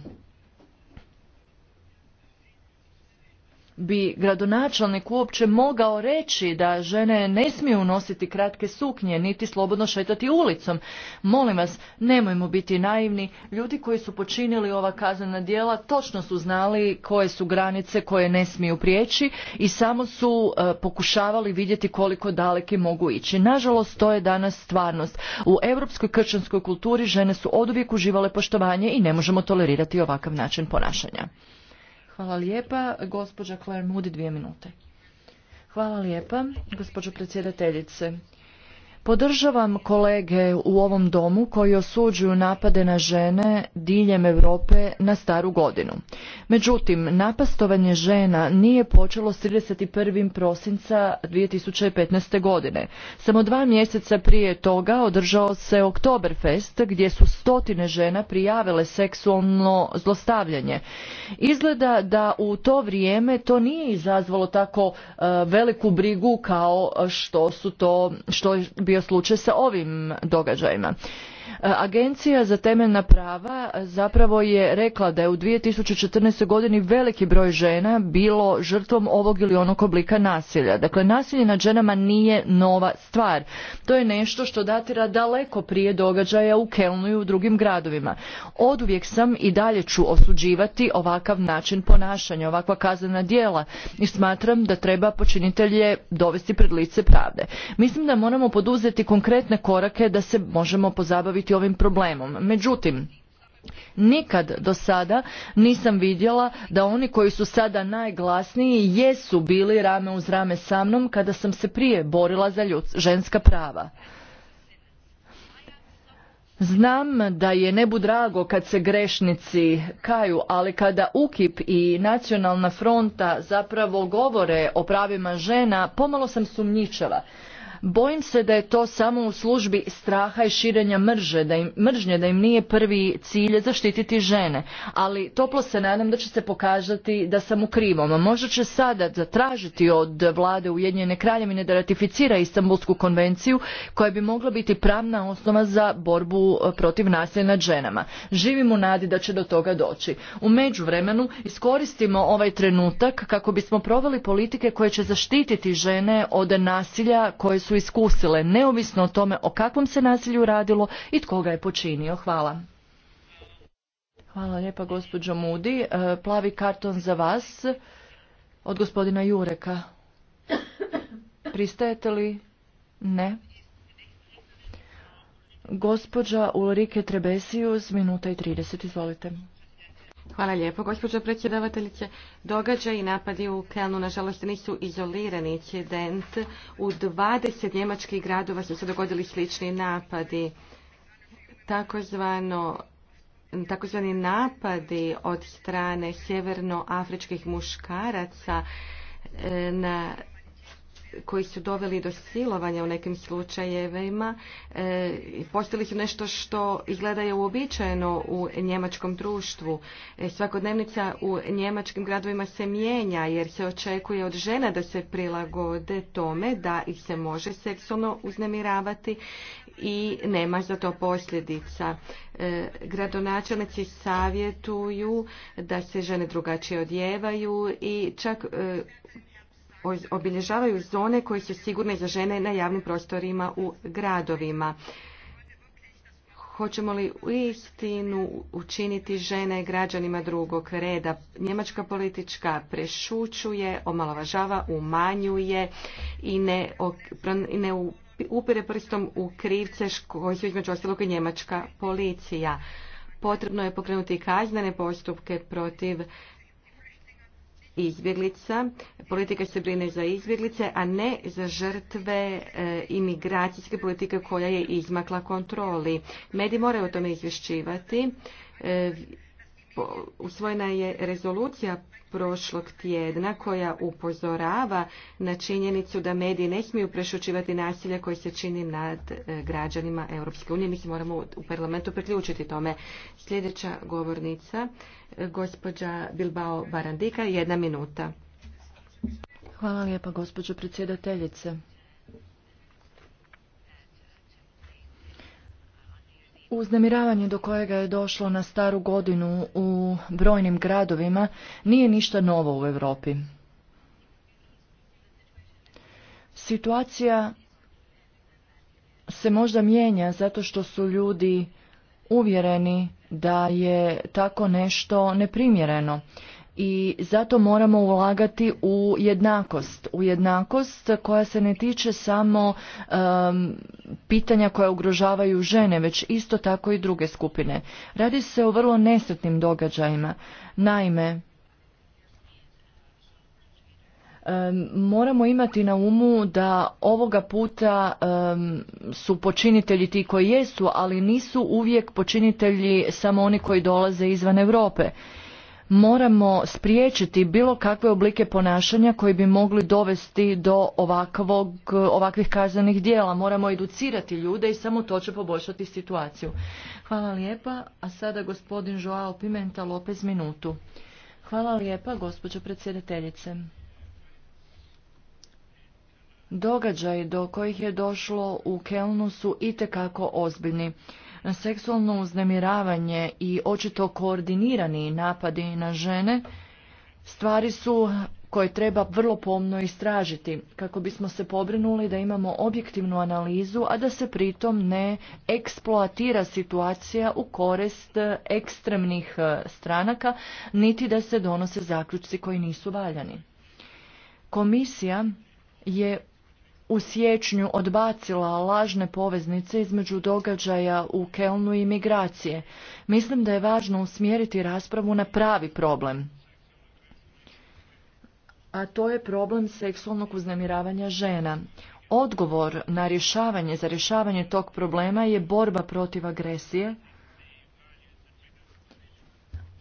bi gradonačelnik uopće mogao reći da žene ne smiju nositi kratke suknje niti slobodno šetati ulicom. Molim vas, nemojmo biti naivni. Ljudi koji su počinili ova kaznena djela točno su znali koje su granice koje ne smiju prijeći i samo su e, pokušavali vidjeti koliko daleki mogu ići. Nažalost, to je danas stvarnost. U europskoj kršćanskoj kulturi žene su oduvijek uživale poštovanje i ne možemo tolerirati ovakav način ponašanja. Hvala lijepa. Gospođa Claire Moody, dvije minute. Hvala lijepa, gospođo predsjedateljice. Podržavam kolege u ovom domu koji osuđuju napade na žene diljem Europe na staru godinu. Međutim, napastovanje žena nije počelo s 31. prosinca 2015. godine. Samo dva mjeseca prije toga održao se Oktoberfest gdje su stotine žena prijavile seksualno zlostavljanje. Izgleda da u to vrijeme to nije izazvalo tako e, veliku brigu kao što su to što je bio bio slučaj sa ovim događajima. E, Agencija za temeljna prava e, zapravo je rekla da je u 2014. godini veliki broj žena bilo žrtvom ovog ili onog oblika nasilja. Dakle, nasilje nad ženama nije nova stvar. To je nešto što datira daleko prije događaja u Kelnu i u drugim gradovima. Oduvijek sam i dalje ću osuđivati ovakav način ponašanja, ovakva kaznena djela i smatram da treba počinitelje dovesti pred lice pravde. Mislim da moramo poduzeti konkretne korake da se možemo pozabaviti ovim problemom. Međutim, nikad do sada nisam vidjela da oni koji su sada najglasniji jesu bili rame uz rame sa mnom kada sam se prije borila za ljud, ženska prava. Znam da je nebu drago kad se grešnici kaju, ali kada UKIP i Nacionalna fronta zapravo govore o pravima žena, pomalo sam sumnjičava. Bojim se da je to samo u službi straha i širenja mrže, da im, mržnje, da im nije prvi cilj zaštititi žene. Ali toplo se nadam da će se pokazati da sam u krivom. možda će sada zatražiti od vlade Ujedinjene kraljevine da ratificira Istanbulsku konvenciju koja bi mogla biti pravna osnova za borbu e, protiv nasilja nad ženama. Živim u nadi da će do toga doći. U međuvremenu iskoristimo ovaj trenutak kako bismo proveli politike koje će zaštititi žene od nasilja koje su su iskusile, neovisno o tome o kakvom se nasilju radilo i tko ga je počinio. Hvala. Hvala lijepa gospođo Mudi. E, plavi karton za vas od gospodina Jureka. Pristajete li? Ne. Gospođa Ulrike Trebesius, minuta i 30, izvolite. Hvala lijepo, gospođo predsjedavateljice. Događaj i napadi u Kelnu, nažalost, nisu izolirani incident. U 20 njemačkih gradova su se dogodili slični napadi. takozvani napadi od strane sjevernoafričkih muškaraca e, na koji su doveli do silovanja u nekim slučajevima e, postali su nešto što izgleda je uobičajeno u njemačkom društvu. E, svakodnevnica u njemačkim gradovima se mijenja jer se očekuje od žena da se prilagode tome da ih se može seksualno uznemiravati i nema za to posljedica. E, gradonačelnici savjetuju da se žene drugačije odjevaju i čak e, obilježavaju zone koje su sigurne za žene na javnim prostorima u gradovima. Hoćemo li u istinu učiniti žene građanima drugog reda? Njemačka politička prešućuje, omalovažava, umanjuje i ne, i ne upire prstom u krivce koji su između ostalog i njemačka policija. Potrebno je pokrenuti kaznene postupke protiv izbjeglica. Politika se brine za izbjeglice, a ne za žrtve e, imigracijske politike koja je izmakla kontroli. Mediji moraju o tome izvješćivati e, usvojena je rezolucija prošlog tjedna koja upozorava na činjenicu da mediji ne smiju prešućivati nasilje koje se čini nad e, građanima Europske unije. Mi se moramo u parlamentu priključiti tome. Sljedeća govornica, e, gospođa Bilbao Barandika, jedna minuta. Hvala lijepa, gospođo predsjedateljice. Uznemiravanje do kojega je došlo na staru godinu u brojnim gradovima nije ništa novo u Europi. Situacija se možda mijenja zato što su ljudi uvjereni da je tako nešto neprimjereno i zato moramo ulagati u jednakost. U jednakost koja se ne tiče samo pitanja koja ugrožavaju žene, već isto tako i druge skupine. Radi se o vrlo nesretnim događajima. Naime, moramo imati na umu da ovoga puta su počinitelji ti koji jesu, ali nisu uvijek počinitelji samo oni koji dolaze izvan Europe moramo spriječiti bilo kakve oblike ponašanja koji bi mogli dovesti do ovakvog, ovakvih kaznenih dijela. Moramo educirati ljude i samo to će poboljšati situaciju. Hvala lijepa, a sada gospodin Joao Pimenta Lopez minutu. Hvala lijepa, gospođo predsjedateljice. Događaj do kojih je došlo u Kelnu su itekako ozbiljni seksualno uznemiravanje i očito koordinirani napadi na žene stvari su koje treba vrlo pomno istražiti kako bismo se pobrinuli da imamo objektivnu analizu, a da se pritom ne eksploatira situacija u korist ekstremnih e, stranaka, niti da se donose zaključci koji nisu valjani. Komisija je u siječnju odbacila lažne poveznice između događaja u Kelnu i migracije. Mislim da je važno usmjeriti raspravu na pravi problem. A to je problem seksualnog uznemiravanja žena. Odgovor na rješavanje za rješavanje tog problema je borba protiv agresije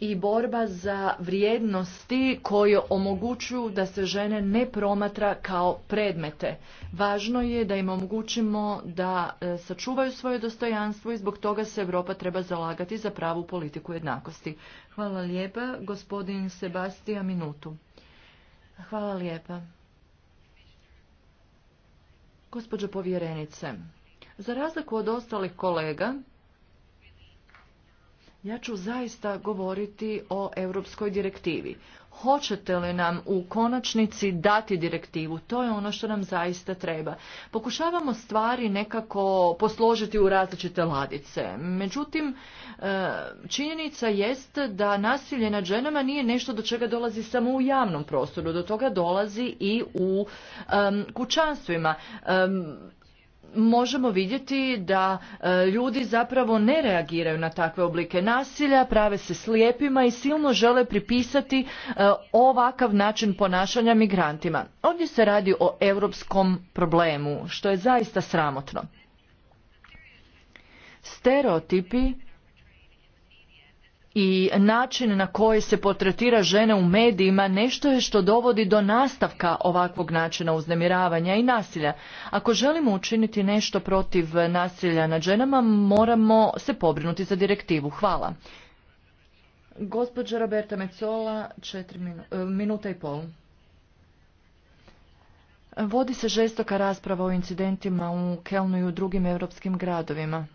i borba za vrijednosti koje omogućuju da se žene ne promatra kao predmete. Važno je da im omogućimo da e, sačuvaju svoje dostojanstvo i zbog toga se Europa treba zalagati za pravu politiku jednakosti. Hvala lijepa, gospodin Sebastija Minutu. Hvala lijepa. Gospođo povjerenice, za razliku od ostalih kolega, ja ću zaista govoriti o europskoj direktivi. Hoćete li nam u konačnici dati direktivu? To je ono što nam zaista treba. Pokušavamo stvari nekako posložiti u različite ladice. Međutim, e, činjenica jest da nasilje nad ženama nije nešto do čega dolazi samo u javnom prostoru. Do toga dolazi i u kućanstvima možemo vidjeti da e, ljudi zapravo ne reagiraju na takve oblike nasilja, prave se slijepima i silno žele pripisati e, ovakav način ponašanja migrantima. Ovdje se radi o europskom problemu, što je zaista sramotno. Stereotipi i način na koji se potretira žene u medijima nešto je što dovodi do nastavka ovakvog načina uznemiravanja i nasilja. Ako želimo učiniti nešto protiv nasilja nad ženama, moramo se pobrinuti za direktivu. Hvala. Gospođa Roberta Mecola, četiri e, minuta i pol. Vodi se žestoka rasprava o incidentima u Kelnu i u drugim europskim gradovima.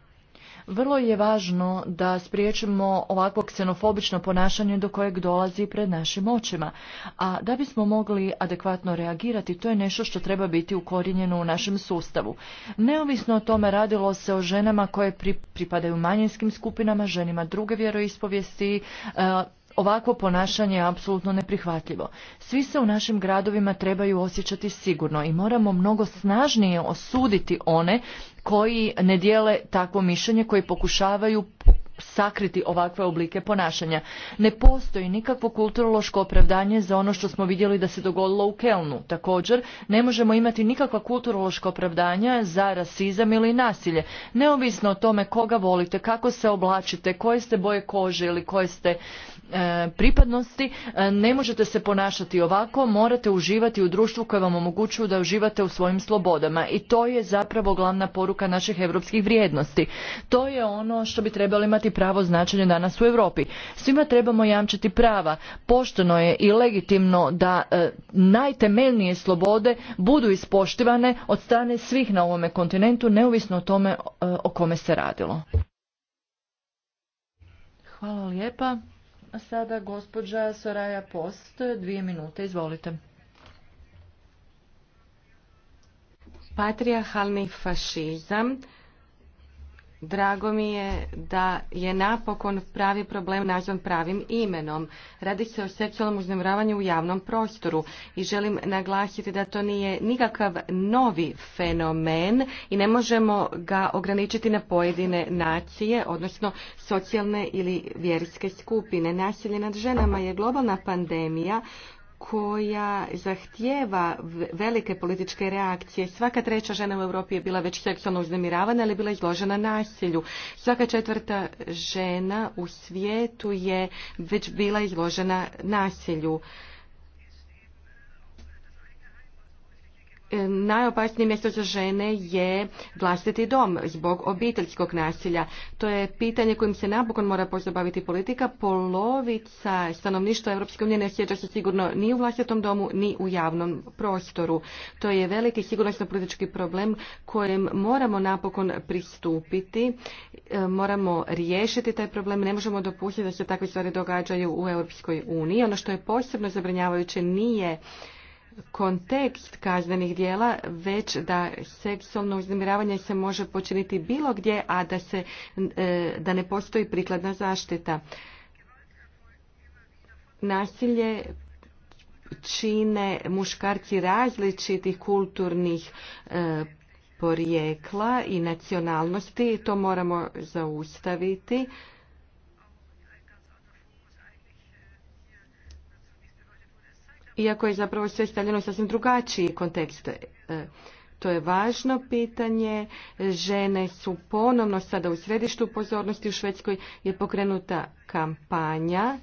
Vrlo je važno da spriječimo ovakvo ksenofobično ponašanje do kojeg dolazi pred našim očima. A da bismo mogli adekvatno reagirati, to je nešto što treba biti ukorinjeno u našem sustavu. Neovisno o tome radilo se o ženama koje pripadaju manjinskim skupinama, ženima druge vjeroispovijesti, e, Ovakvo ponašanje je apsolutno neprihvatljivo. Svi se u našim gradovima trebaju osjećati sigurno i moramo mnogo snažnije osuditi one koji ne dijele takvo mišljenje, koji pokušavaju sakriti ovakve oblike ponašanja. Ne postoji nikakvo kulturološko opravdanje za ono što smo vidjeli da se dogodilo u Kelnu. Također, ne možemo imati nikakva kulturološka opravdanja za rasizam ili nasilje. Neovisno o tome koga volite, kako se oblačite, koje ste boje kože ili koje ste E, pripadnosti, e, ne možete se ponašati ovako, morate uživati u društvu koje vam omogućuju da uživate u svojim slobodama i to je zapravo glavna poruka naših europskih vrijednosti. To je ono što bi trebalo imati pravo značenje danas u Europi. Svima trebamo jamčiti prava. Pošteno je i legitimno da e, najtemeljnije slobode budu ispoštivane od strane svih na ovome kontinentu, neovisno o tome o kome se radilo. Hvala lijepa. Sada gospođa Soraja Post, dvije minute, izvolite. Patriarhalni fašizam Drago mi je da je napokon pravi problem nazvan pravim imenom. Radi se o seksualnom uznemiravanju u javnom prostoru i želim naglasiti da to nije nikakav novi fenomen i ne možemo ga ograničiti na pojedine nacije, odnosno socijalne ili vjerske skupine. Nasilje nad ženama je globalna pandemija koja zahtijeva velike političke reakcije. Svaka treća žena u Europi je bila već seksualno uznemiravana je bila izložena nasilju. Svaka četvrta žena u svijetu je već bila izložena nasilju. E, najopasnije mjesto za žene je vlastiti dom zbog obiteljskog nasilja. To je pitanje kojim se napokon mora pozabaviti politika. Polovica stanovništva Europske unije ne osjeća se sigurno ni u vlastitom domu, ni u javnom prostoru. To je veliki sigurnosno politički problem kojem moramo napokon pristupiti. E, moramo riješiti taj problem. Ne možemo dopustiti da se takve stvari događaju u Europskoj uniji. Ono što je posebno zabrinjavajuće nije kontekst kaznenih dijela, već da seksualno uznemiravanje se može počiniti bilo gdje, a da, se, e, da ne postoji prikladna zaštita. Nasilje čine muškarci različitih kulturnih e, porijekla i nacionalnosti. To moramo zaustaviti. iako je zapravo sve stavljeno u sasvim drugačiji kontekst. E, to je važno pitanje. Žene su ponovno sada u središtu pozornosti. U Švedskoj je pokrenuta kampanja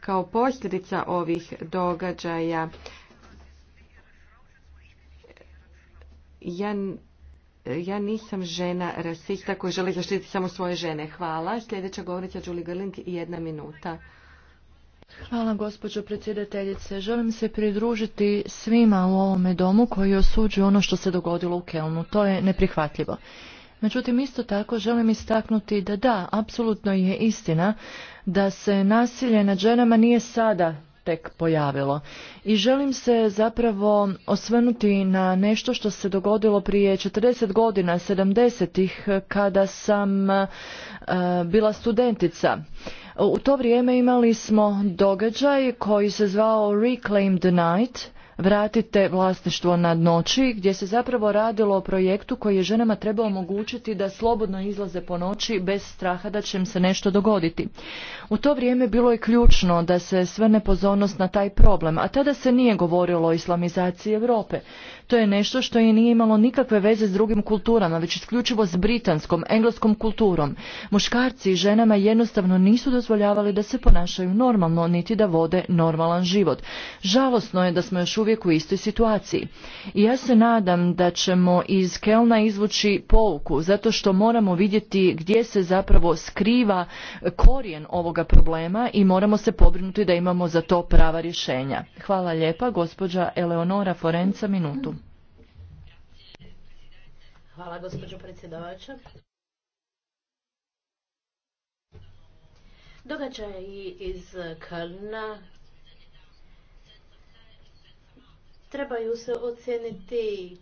kao posljedica ovih događaja. Ja, ja nisam žena rasista koja želi zaštititi samo svoje žene. Hvala. Sljedeća govornica Julie i jedna minuta. Hvala gospođo predsjedateljice. Želim se pridružiti svima u ovome domu koji osuđuju ono što se dogodilo u Kelnu. To je neprihvatljivo. Međutim, isto tako želim istaknuti da da, apsolutno je istina da se nasilje nad ženama nije sada tek pojavilo. I želim se zapravo osvrnuti na nešto što se dogodilo prije 40 godina, 70-ih, kada sam e, bila studentica. U to vrijeme imali smo događaj koji se zvao Reclaimed Night, vratite vlasništvo nad noći gdje se zapravo radilo o projektu koji je ženama trebao omogućiti da slobodno izlaze po noći bez straha da će im se nešto dogoditi. U to vrijeme bilo je ključno da se svrne pozornost na taj problem, a tada se nije govorilo o islamizaciji Europe. To je nešto što i nije imalo nikakve veze s drugim kulturama, već isključivo s britanskom, engleskom kulturom. Muškarci i ženama jednostavno nisu dozvoljavali da se ponašaju normalno, niti da vode normalan život. Žalosno je da smo još uvijek uvijek u istoj situaciji. I ja se nadam da ćemo iz Kelna izvući pouku, zato što moramo vidjeti gdje se zapravo skriva korijen ovoga problema i moramo se pobrinuti da imamo za to prava rješenja. Hvala lijepa, gospođa Eleonora Forenca, minutu. Hvala, gospođo predsjedavača. Događaj iz Kelna... trebaju se ocijeniti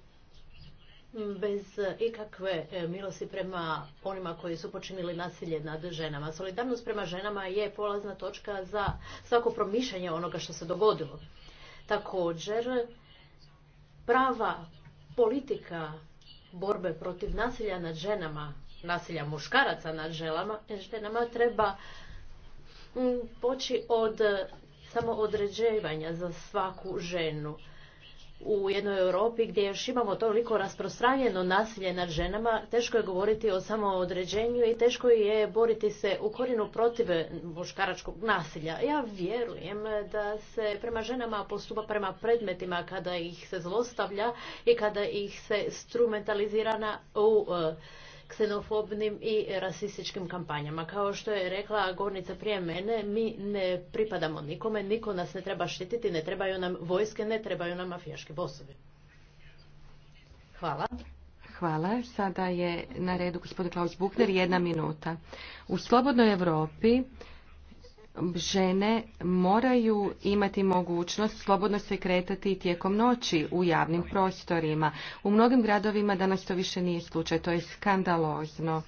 bez ikakve e, milosti prema onima koji su počinili nasilje nad ženama. Solidarnost prema ženama je polazna točka za svako promišljanje onoga što se dogodilo. Također, prava politika borbe protiv nasilja nad ženama, nasilja muškaraca nad ženama, treba mm, poći od samoodređivanja za svaku ženu u jednoj Europi gdje još imamo toliko rasprostranjeno nasilje nad ženama, teško je govoriti o samoodređenju i teško je boriti se u korinu protiv muškaračkog nasilja. Ja vjerujem da se prema ženama postupa prema predmetima kada ih se zlostavlja i kada ih se strumentalizira u ksenofobnim i rasističkim kampanjama. Kao što je rekla govornica prije mene, mi ne pripadamo nikome, niko nas ne treba štititi, ne trebaju nam vojske, ne trebaju nam mafijaški bosovi. Hvala. Hvala. Sada je na redu gospodin Klaus Bukner, jedna minuta. U slobodnoj Europi žene moraju imati mogućnost slobodno se kretati tijekom noći u javnim prostorima. U mnogim gradovima danas to više nije slučaj, to je skandalozno.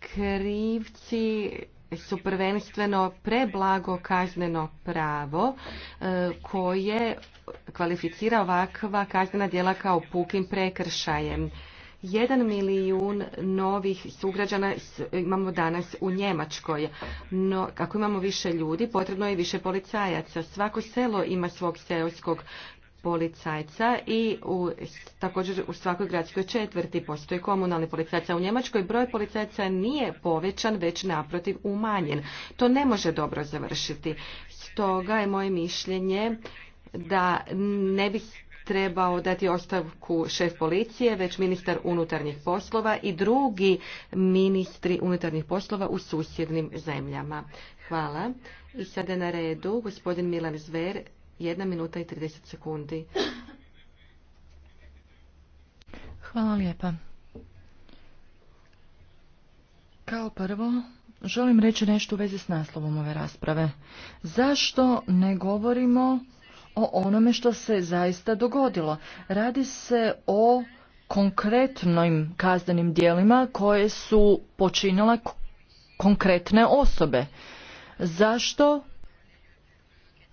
Krivci su prvenstveno preblago kazneno pravo e, koje kvalificira ovakva kaznena djela kao pukim prekršajem. Jedan milijun novih sugrađana imamo danas u Njemačkoj. No, ako imamo više ljudi, potrebno je više policajaca. Svako selo ima svog seoskog policajca i također u svakoj gradskoj četvrti postoji komunalni policajca. U Njemačkoj broj policajaca nije povećan, već naprotiv umanjen. To ne može dobro završiti. Stoga je moje mišljenje da ne bi trebao dati ostavku šef policije, već ministar unutarnjih poslova i drugi ministri unutarnjih poslova u susjednim zemljama. Hvala. I sada je na redu gospodin Milan Zver, jedna minuta i 30 sekundi. Hvala lijepa. Kao prvo, želim reći nešto u vezi s naslovom ove rasprave. Zašto ne govorimo o onome što se zaista dogodilo. Radi se o konkretnim kaznenim dijelima koje su počinile konkretne osobe. Zašto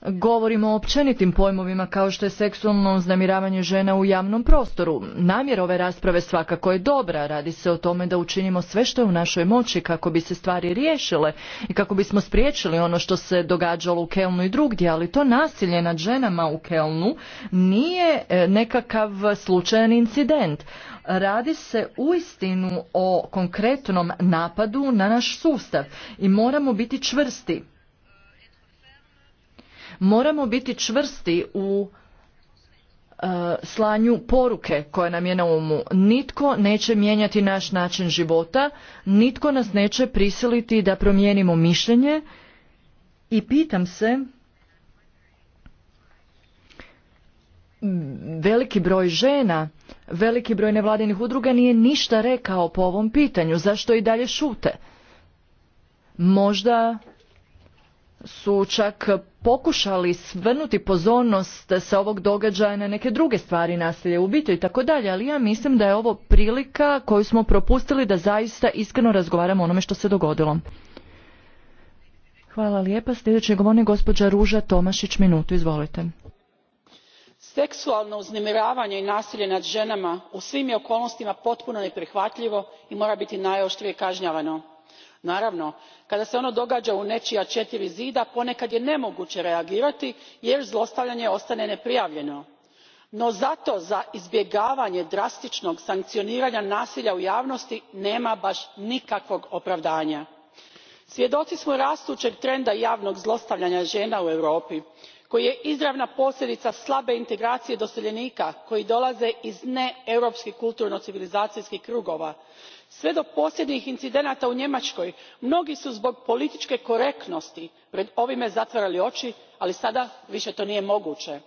govorimo o općenitim pojmovima kao što je seksualno uznamiravanje žena u javnom prostoru. Namjer ove rasprave svakako je dobra, radi se o tome da učinimo sve što je u našoj moći kako bi se stvari riješile i kako bismo spriječili ono što se događalo u Kelnu i drugdje, ali to nasilje nad ženama u Kelnu nije e, nekakav slučajan incident. Radi se uistinu o konkretnom napadu na naš sustav i moramo biti čvrsti Moramo biti čvrsti u e, slanju poruke koja nam je na umu. Nitko neće mijenjati naš način života, nitko nas neće prisiliti da promijenimo mišljenje i pitam se veliki broj žena, veliki broj nevladinih udruga nije ništa rekao po ovom pitanju. Zašto i dalje šute? Možda su čak pokušali svrnuti pozornost sa ovog događaja na neke druge stvari nasilje u obitelji i tako dalje ali ja mislim da je ovo prilika koju smo propustili da zaista iskreno razgovaramo o onome što se dogodilo hvala lijepa sljedeći govornik gospođa ruža tomašić minutu izvolite seksualno uznemiravanje i nasilje nad ženama u svim okolnostima potpuno neprihvatljivo i mora biti najoštrije kažnjavano naravno kada se ono događa u nečija četiri zida ponekad je nemoguće reagirati jer zlostavljanje ostane neprijavljeno no zato za izbjegavanje drastičnog sankcioniranja nasilja u javnosti nema baš nikakvog opravdanja. svjedoci smo rastućeg trenda javnog zlostavljanja žena u europi koji je izravna posljedica slabe integracije doseljenika koji dolaze iz neeuropskih kulturno civilizacijskih krugova sve do posljednjih incidenata u njemačkoj mnogi su zbog političke korektnosti pred ovime zatvarali oči ali sada više to nije moguće.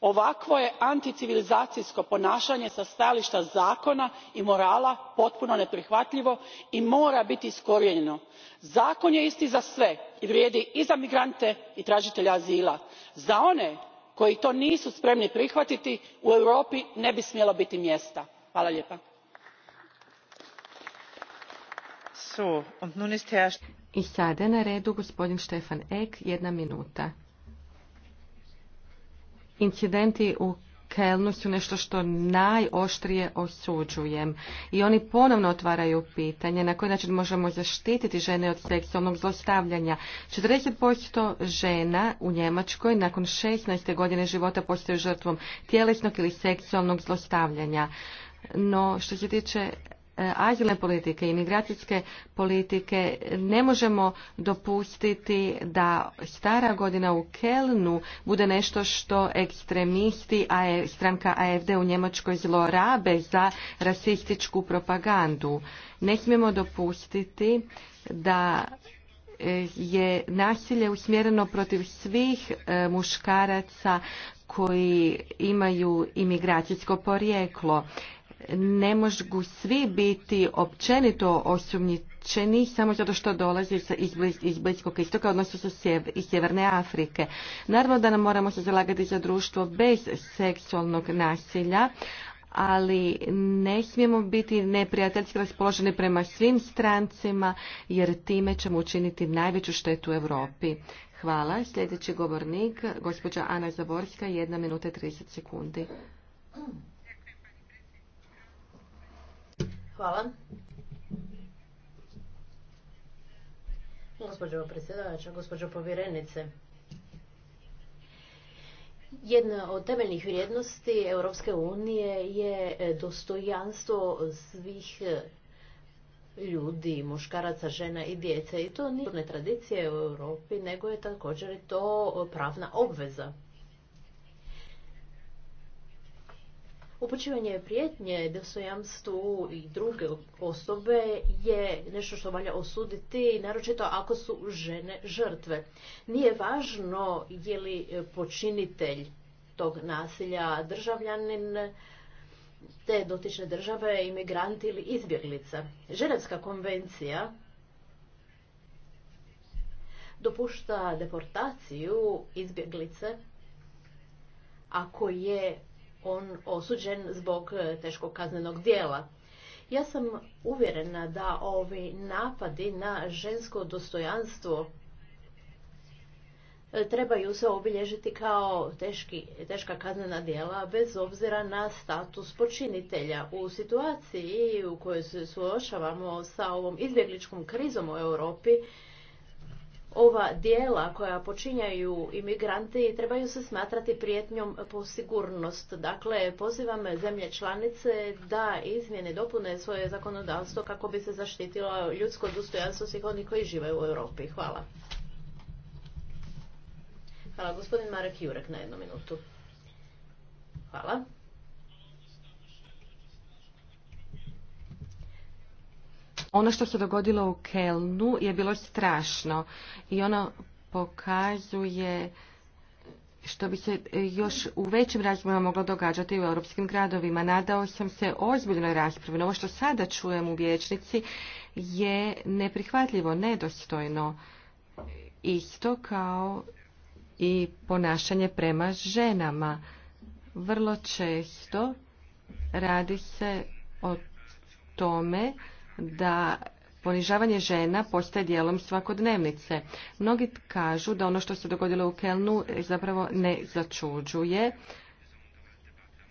ovakvo je anticivilizacijsko ponašanje sa stajališta zakona i morala potpuno neprihvatljivo i mora biti iskorijenjeno. zakon je isti za sve i vrijedi i za migrante i tražitelje azila. za one koji to nisu spremni prihvatiti u europi ne bi smjelo biti mjesta. hvala lijepa. I sada je na redu gospodin Štefan Ek, jedna minuta. Incidenti u Kelnu su nešto što najoštrije osuđujem. I oni ponovno otvaraju pitanje na koji način možemo zaštititi žene od seksualnog zlostavljanja. 40% žena u Njemačkoj nakon 16. godine života postaju žrtvom tjelesnog ili seksualnog zlostavljanja. No, što se tiče E, azilne politike i migracijske politike ne možemo dopustiti da stara godina u Kelnu bude nešto što ekstremisti, a e, stranka AFD u Njemačkoj zlorabe za rasističku propagandu. Ne smijemo dopustiti da e, je nasilje usmjereno protiv svih muškaraca koji imaju imigracijsko porijeklo ne možu svi biti općenito osumnjičeni samo zato što dolazi iz Bliskog istoka, odnosno sa iz Sjeverne Afrike. Naravno da nam moramo se zalagati za društvo bez seksualnog nasilja, ali ne smijemo biti neprijateljski raspoloženi prema svim strancima, jer time ćemo učiniti najveću štetu u Europi. Hvala. Sljedeći govornik, gospođa Ana Zaborska, jedna minuta i 30 sekundi. Hvala. Gospođo gospođo povjerenice, jedna od temeljnih vrijednosti Europske unije je e, dostojanstvo svih e, ljudi, muškaraca, žena i djece. I to nije tradicija u Europi, nego je također to pravna obveza. Upućivanje prijetnje dostojanstvu i druge osobe je nešto što valja osuditi, naročito ako su žene žrtve. Nije važno je li počinitelj tog nasilja državljanin te dotične države, imigranti ili izbjeglica. Ženevska konvencija dopušta deportaciju izbjeglice ako je on osuđen zbog e, teškog kaznenog dijela. Ja sam uvjerena da ovi napadi na žensko dostojanstvo e, trebaju se obilježiti kao teški, teška kaznena djela bez obzira na status počinitelja. U situaciji u kojoj se suočavamo sa ovom izbjegličkom krizom u Europi, ova dijela koja počinjaju imigranti trebaju se smatrati prijetnjom po sigurnost. Dakle, pozivam zemlje članice da izmjene dopune svoje zakonodavstvo kako bi se zaštitilo ljudsko dostojanstvo svih onih koji žive u Europi. Hvala. Hvala, gospodin Marek Jurek na jednu minutu. Hvala. Ono što se dogodilo u Kelnu je bilo strašno i ono pokazuje što bi se još u većim razmjerima moglo događati u europskim gradovima. Nadao sam se ozbiljnoj raspravi. ovo što sada čujem u vječnici je neprihvatljivo, nedostojno. Isto kao i ponašanje prema ženama. Vrlo često radi se o tome da ponižavanje žena postaje dijelom svakodnevnice. Mnogi kažu da ono što se dogodilo u Kelnu zapravo ne začuđuje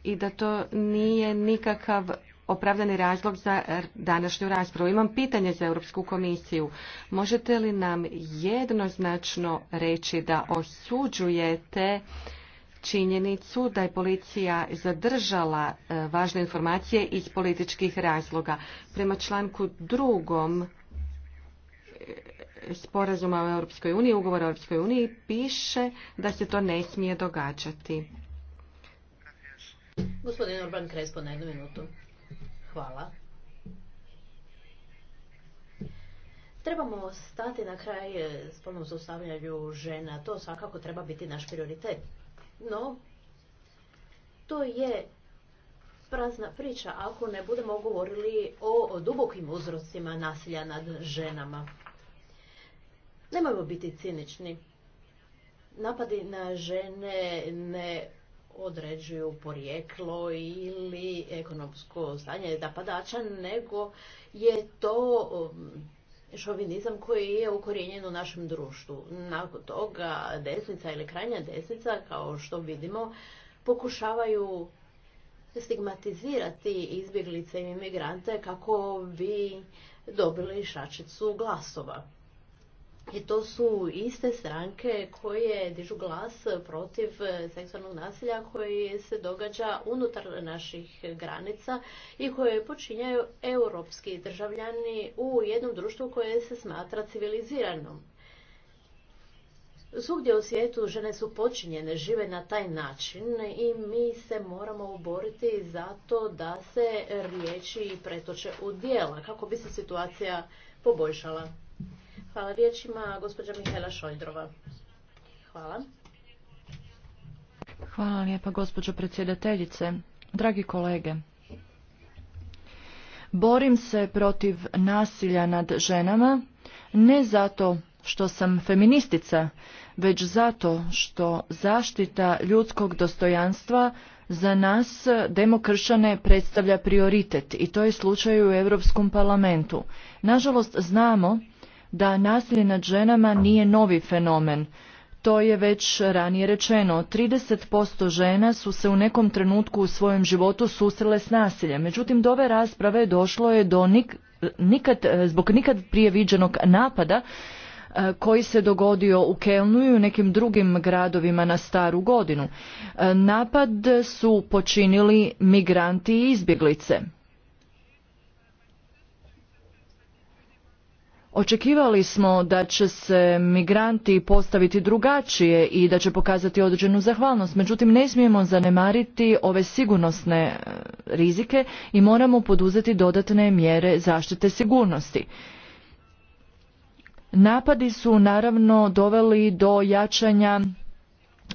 i da to nije nikakav opravdani razlog za današnju raspravu. Imam pitanje za Europsku komisiju. Možete li nam jednoznačno reći da osuđujete činjenicu da je policija zadržala e, važne informacije iz političkih razloga. Prema članku drugom e, sporazuma o Europskoj uniji, ugovora o Europskoj uniji, piše da se to ne smije događati. Gospodin Orban Krespo, na jednu minutu. Hvala. Trebamo stati na kraj e, spolnom zaustavljanju žena. To svakako treba biti naš prioritet. No, to je prazna priča ako ne budemo govorili o dubokim uzrocima nasilja nad ženama. Nemojmo biti cinični. Napadi na žene ne određuju porijeklo ili ekonomsko stanje napadača, nego je to um, šovinizam koji je ukorijenjen u našem društvu. Nakon toga desnica ili krajnja desnica, kao što vidimo, pokušavaju stigmatizirati izbjeglice i imigrante kako bi dobili šačicu glasova. I to su iste stranke koje dižu glas protiv e, seksualnog nasilja koji se događa unutar naših granica i koje počinjaju europski državljani u jednom društvu koje se smatra civiliziranom. Svugdje u svijetu žene su počinjene, žive na taj način i mi se moramo boriti za to da se riječi pretoče u dijela kako bi se situacija poboljšala. Hvala riječima, gospođa Mihajla Šojdrova. Hvala. Hvala lijepa, gospođo predsjedateljice. Dragi kolege, borim se protiv nasilja nad ženama ne zato što sam feministica, već zato što zaštita ljudskog dostojanstva za nas demokršane predstavlja prioritet i to je slučaj u Europskom parlamentu. Nažalost znamo da nasilje nad ženama nije novi fenomen. To je već ranije rečeno. 30% žena su se u nekom trenutku u svojem životu susrele s nasiljem. Međutim, do ove rasprave došlo je do nikad, zbog nikad prije viđenog napada e, koji se dogodio u Kelnuju i u nekim drugim gradovima na staru godinu. E, napad su počinili migranti i izbjeglice. Očekivali smo da će se migranti postaviti drugačije i da će pokazati određenu zahvalnost, međutim ne smijemo zanemariti ove sigurnosne e, rizike i moramo poduzeti dodatne mjere zaštite sigurnosti. Napadi su naravno doveli do jačanja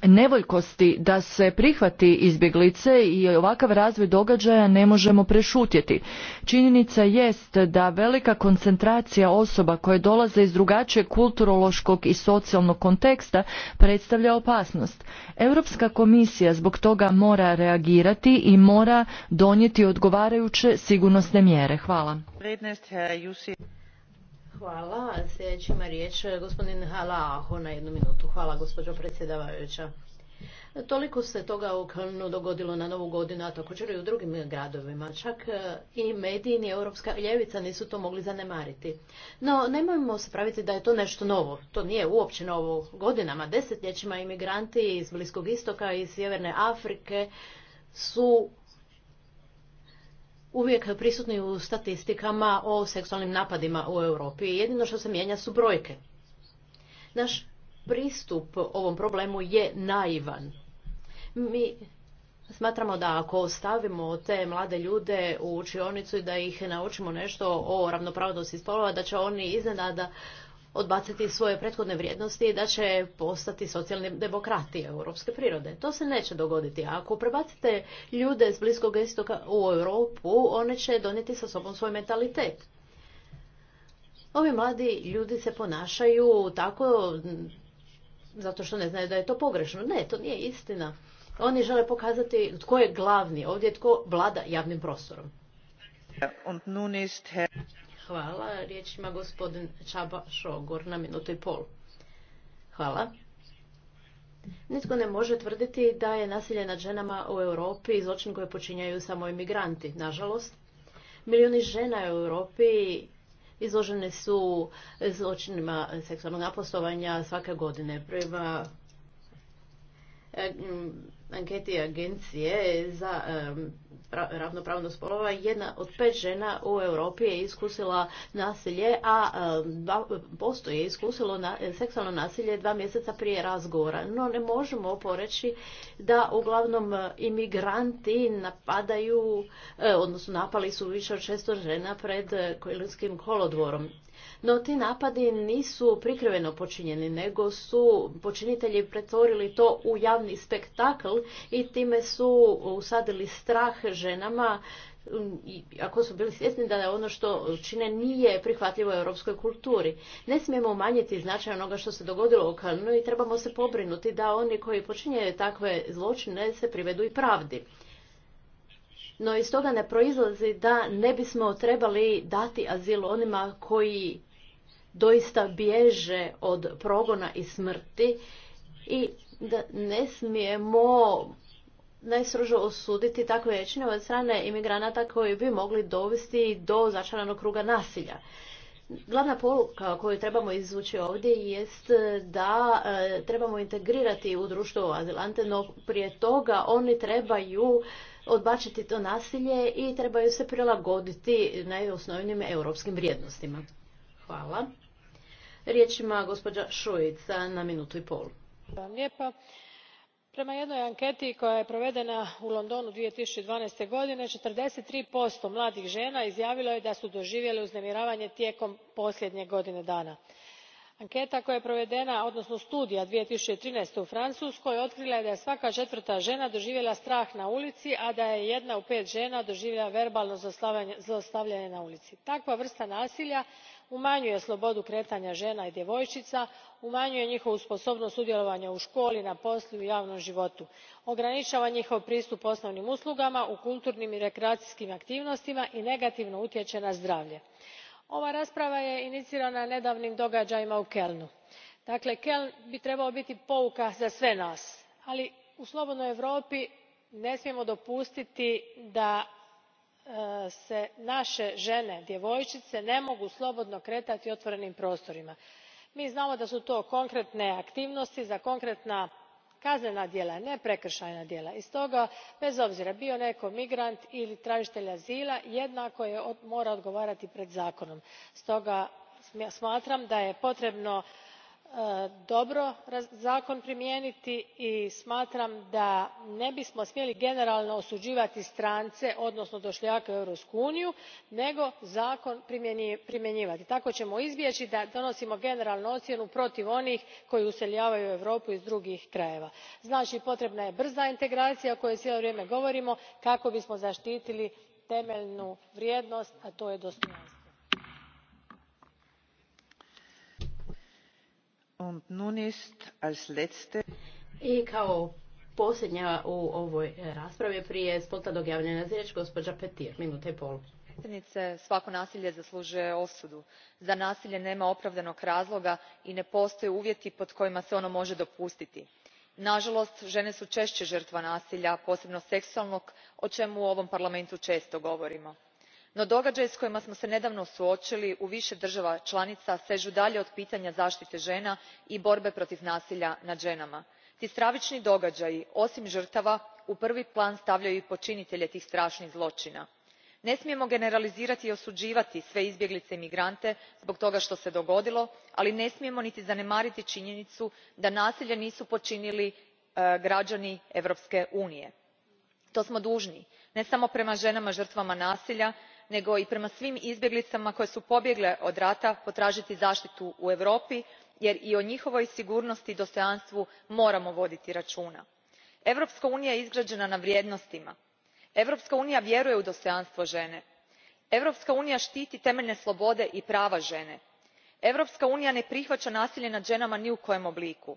nevoljkosti da se prihvati izbjeglice i ovakav razvoj događaja ne možemo prešutjeti. Činjenica jest da velika koncentracija osoba koje dolaze iz drugačijeg kulturološkog i socijalnog konteksta predstavlja opasnost. Europska komisija zbog toga mora reagirati i mora donijeti odgovarajuće sigurnosne mjere. Hvala. Hvala. ima riječ e, gospodin Halaho na jednu minutu. Hvala gospođo predsjedavajuća. Toliko se toga u dogodilo na Novu godinu, a također i u drugim gradovima. Čak e, i mediji ni Europska ljevica nisu to mogli zanemariti. No, nemojmo se praviti da je to nešto novo. To nije uopće novo. Godinama, desetljećima imigranti iz Bliskog istoka i Sjeverne Afrike su uvijek prisutni u statistikama o seksualnim napadima u Europi. Jedino što se mijenja su brojke. Naš pristup ovom problemu je naivan. Mi Smatramo da ako stavimo te mlade ljude u učionicu i da ih naučimo nešto o ravnopravnosti spolova, da će oni iznenada odbaciti svoje prethodne vrijednosti i da će postati socijalni demokrati europske prirode. To se neće dogoditi. ako prebacite ljude s Bliskog istoka u Europu, one će donijeti sa sobom svoj mentalitet. Ovi mladi ljudi se ponašaju tako zato što ne znaju da je to pogrešno. Ne, to nije istina. Oni žele pokazati tko je glavni, ovdje tko vlada javnim prostorom. Hvala. Riječ ima gospodin Čaba Šogor na minutu i pol. Hvala. Nitko ne može tvrditi da je nasilje nad ženama u Europi zločin koje počinjaju samo imigranti. Nažalost, milijuni žena u Europi izložene su zločinima seksualnog napostovanja svake godine. Prema e, anketi agencije za ravnopravnost spolova jedna od pet žena u Europi je iskusila nasilje, a posto je iskusilo seksualno nasilje dva mjeseca prije razgovora. No ne možemo poreći da uglavnom imigranti napadaju, e, odnosno napali su više od 600 žena pred e, kolinskim kolodvorom. No ti napadi nisu prikriveno počinjeni, nego su počinitelji pretvorili to u javni spektakl i time su usadili strah ženama um, ako su bili svjesni da ono što čine nije prihvatljivo u europskoj kulturi. Ne smijemo umanjiti značaj onoga što se dogodilo u Kalnu i trebamo se pobrinuti da oni koji počinjaju takve zločine se privedu i pravdi. No iz toga ne proizlazi da ne bismo trebali dati azil onima koji doista bježe od progona i smrti i da ne smijemo najstrože osuditi takve od strane imigranata koji bi mogli dovesti do začaranog kruga nasilja. Glavna poruka koju trebamo izvući ovdje jest da e, trebamo integrirati u društvo azilante, no prije toga oni trebaju odbačiti to nasilje i trebaju se prilagoditi najosnovnijim europskim vrijednostima. Hvala riječima gospođa na minutu i pol. Hvala Prema jednoj anketi koja je provedena u Londonu 2012. godine, 43% mladih žena izjavilo je da su doživjele uznemiravanje tijekom posljednje godine dana anketa koja je provedena odnosno studija. two thousand and thirteen u francuskoj otkrila je da je svaka četvrta žena doživjela strah na ulici a da je jedna u pet žena doživjela verbalno zlostavljanje na ulici. takva vrsta nasilja umanjuje slobodu kretanja žena i djevojčica umanjuje njihovu sposobnost sudjelovanja u školi na poslu i javnom životu ograničava njihov pristup osnovnim uslugama u kulturnim i rekreacijskim aktivnostima i negativno utječe na zdravlje. ova rasprava je inicirana nedavnim događajima u Kelnu. dakle Keln bi trebao biti pouka za sve nas ali u slobodnoj europi ne smijemo dopustiti da se nae ene djevojice ne mogu slobodno kretati otvorenim prostorima. mi znamo da su to konkretne aktivnosti za konkretna kaznena djela ne prekrajna djela i stoga bez obzira bio netko migrant ili tražitelj azila jednako mora odgovarati pred zakonom. stoga smatram da je potrebno E, dobro zakon primijeniti i smatram da ne bismo smjeli generalno osuđivati strance odnosno došljake u europsku uniju nego zakon primjenjivati. tako ćemo izbjeći da donosimo generalnu ocjenu protiv onih koji useljavaju u europu iz drugih krajeva. znači potrebna je brza integracija o kojoj cijelo vrijeme govorimo kako bismo zaštitili temeljnu vrijednost a to je dostojanstvo. I kao posljednja u ovoj e, raspravi prije spontanog javljanja za riječ gospođa Petir, minuta i pol predsjednice svako nasilje zaslužuje osudu. za nasilje nema opravdanog razloga i ne postoje uvjeti pod kojima se ono može dopustiti. nažalost žene su češće žrtva nasilja posebno seksualnog o čemu u ovom parlamentu često govorimo no događaji s kojima smo se nedavno suočili u više država članica sežu dalje od pitanja zaštite žena i borbe protiv nasilja nad ženama. ti stravični događaji osim žrtava u prvi plan stavljaju i počinitelje tih strašnih zločina. ne smijemo generalizirati i osuđivati sve izbjeglice i migrante zbog toga što se dogodilo ali ne smijemo niti zanemariti činjenicu da nasilje nisu počinili e, građani europske unije. to smo dužni ne samo prema ženama žrtvama nasilja nego i prema svim izbjeglicama koje su pobjegle od rata potražiti zaštitu u europi jer i o njihovoj sigurnosti i dostojanstvu moramo voditi računa. europska unija je izgrađena na vrijednostima. europska unija vjeruje u dostojanstvo žene. europska unija štiti temeljne slobode i prava žene. europska unija ne prihvaća nasilje nad ženama ni u kojem obliku.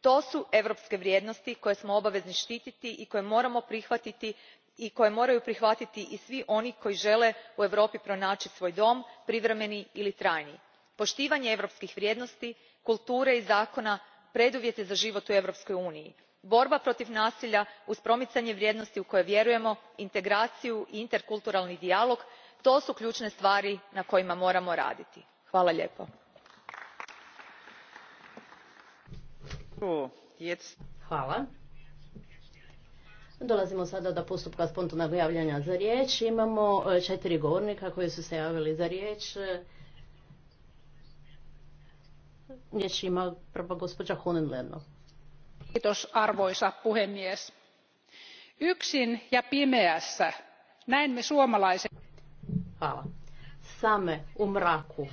to su europske vrijednosti koje smo obavezni štititi i koje moramo prihvatiti i koje moraju prihvatiti i svi oni koji žele u europi pronaći svoj dom privremeni ili trajni. poštivanje europskih vrijednosti kulture i zakona preduvjet za život u europskoj uniji. borba protiv nasilja uz promicanje vrijednosti u koje vjerujemo integraciju i interkulturalni dijalog to su ključne stvari na kojima moramo raditi. hvala lijepo. hvala. Dolazimo sada do postupka spontanog javljanja za riječ. Imamo e, četiri govornika koji su se javili za riječ. E, riječ ima prva gospođa Honenlerno. Kiitos arvoisa puhemies. Yksin ja pimeässä. Näin suomalaiset... Hvala. Same u mraku.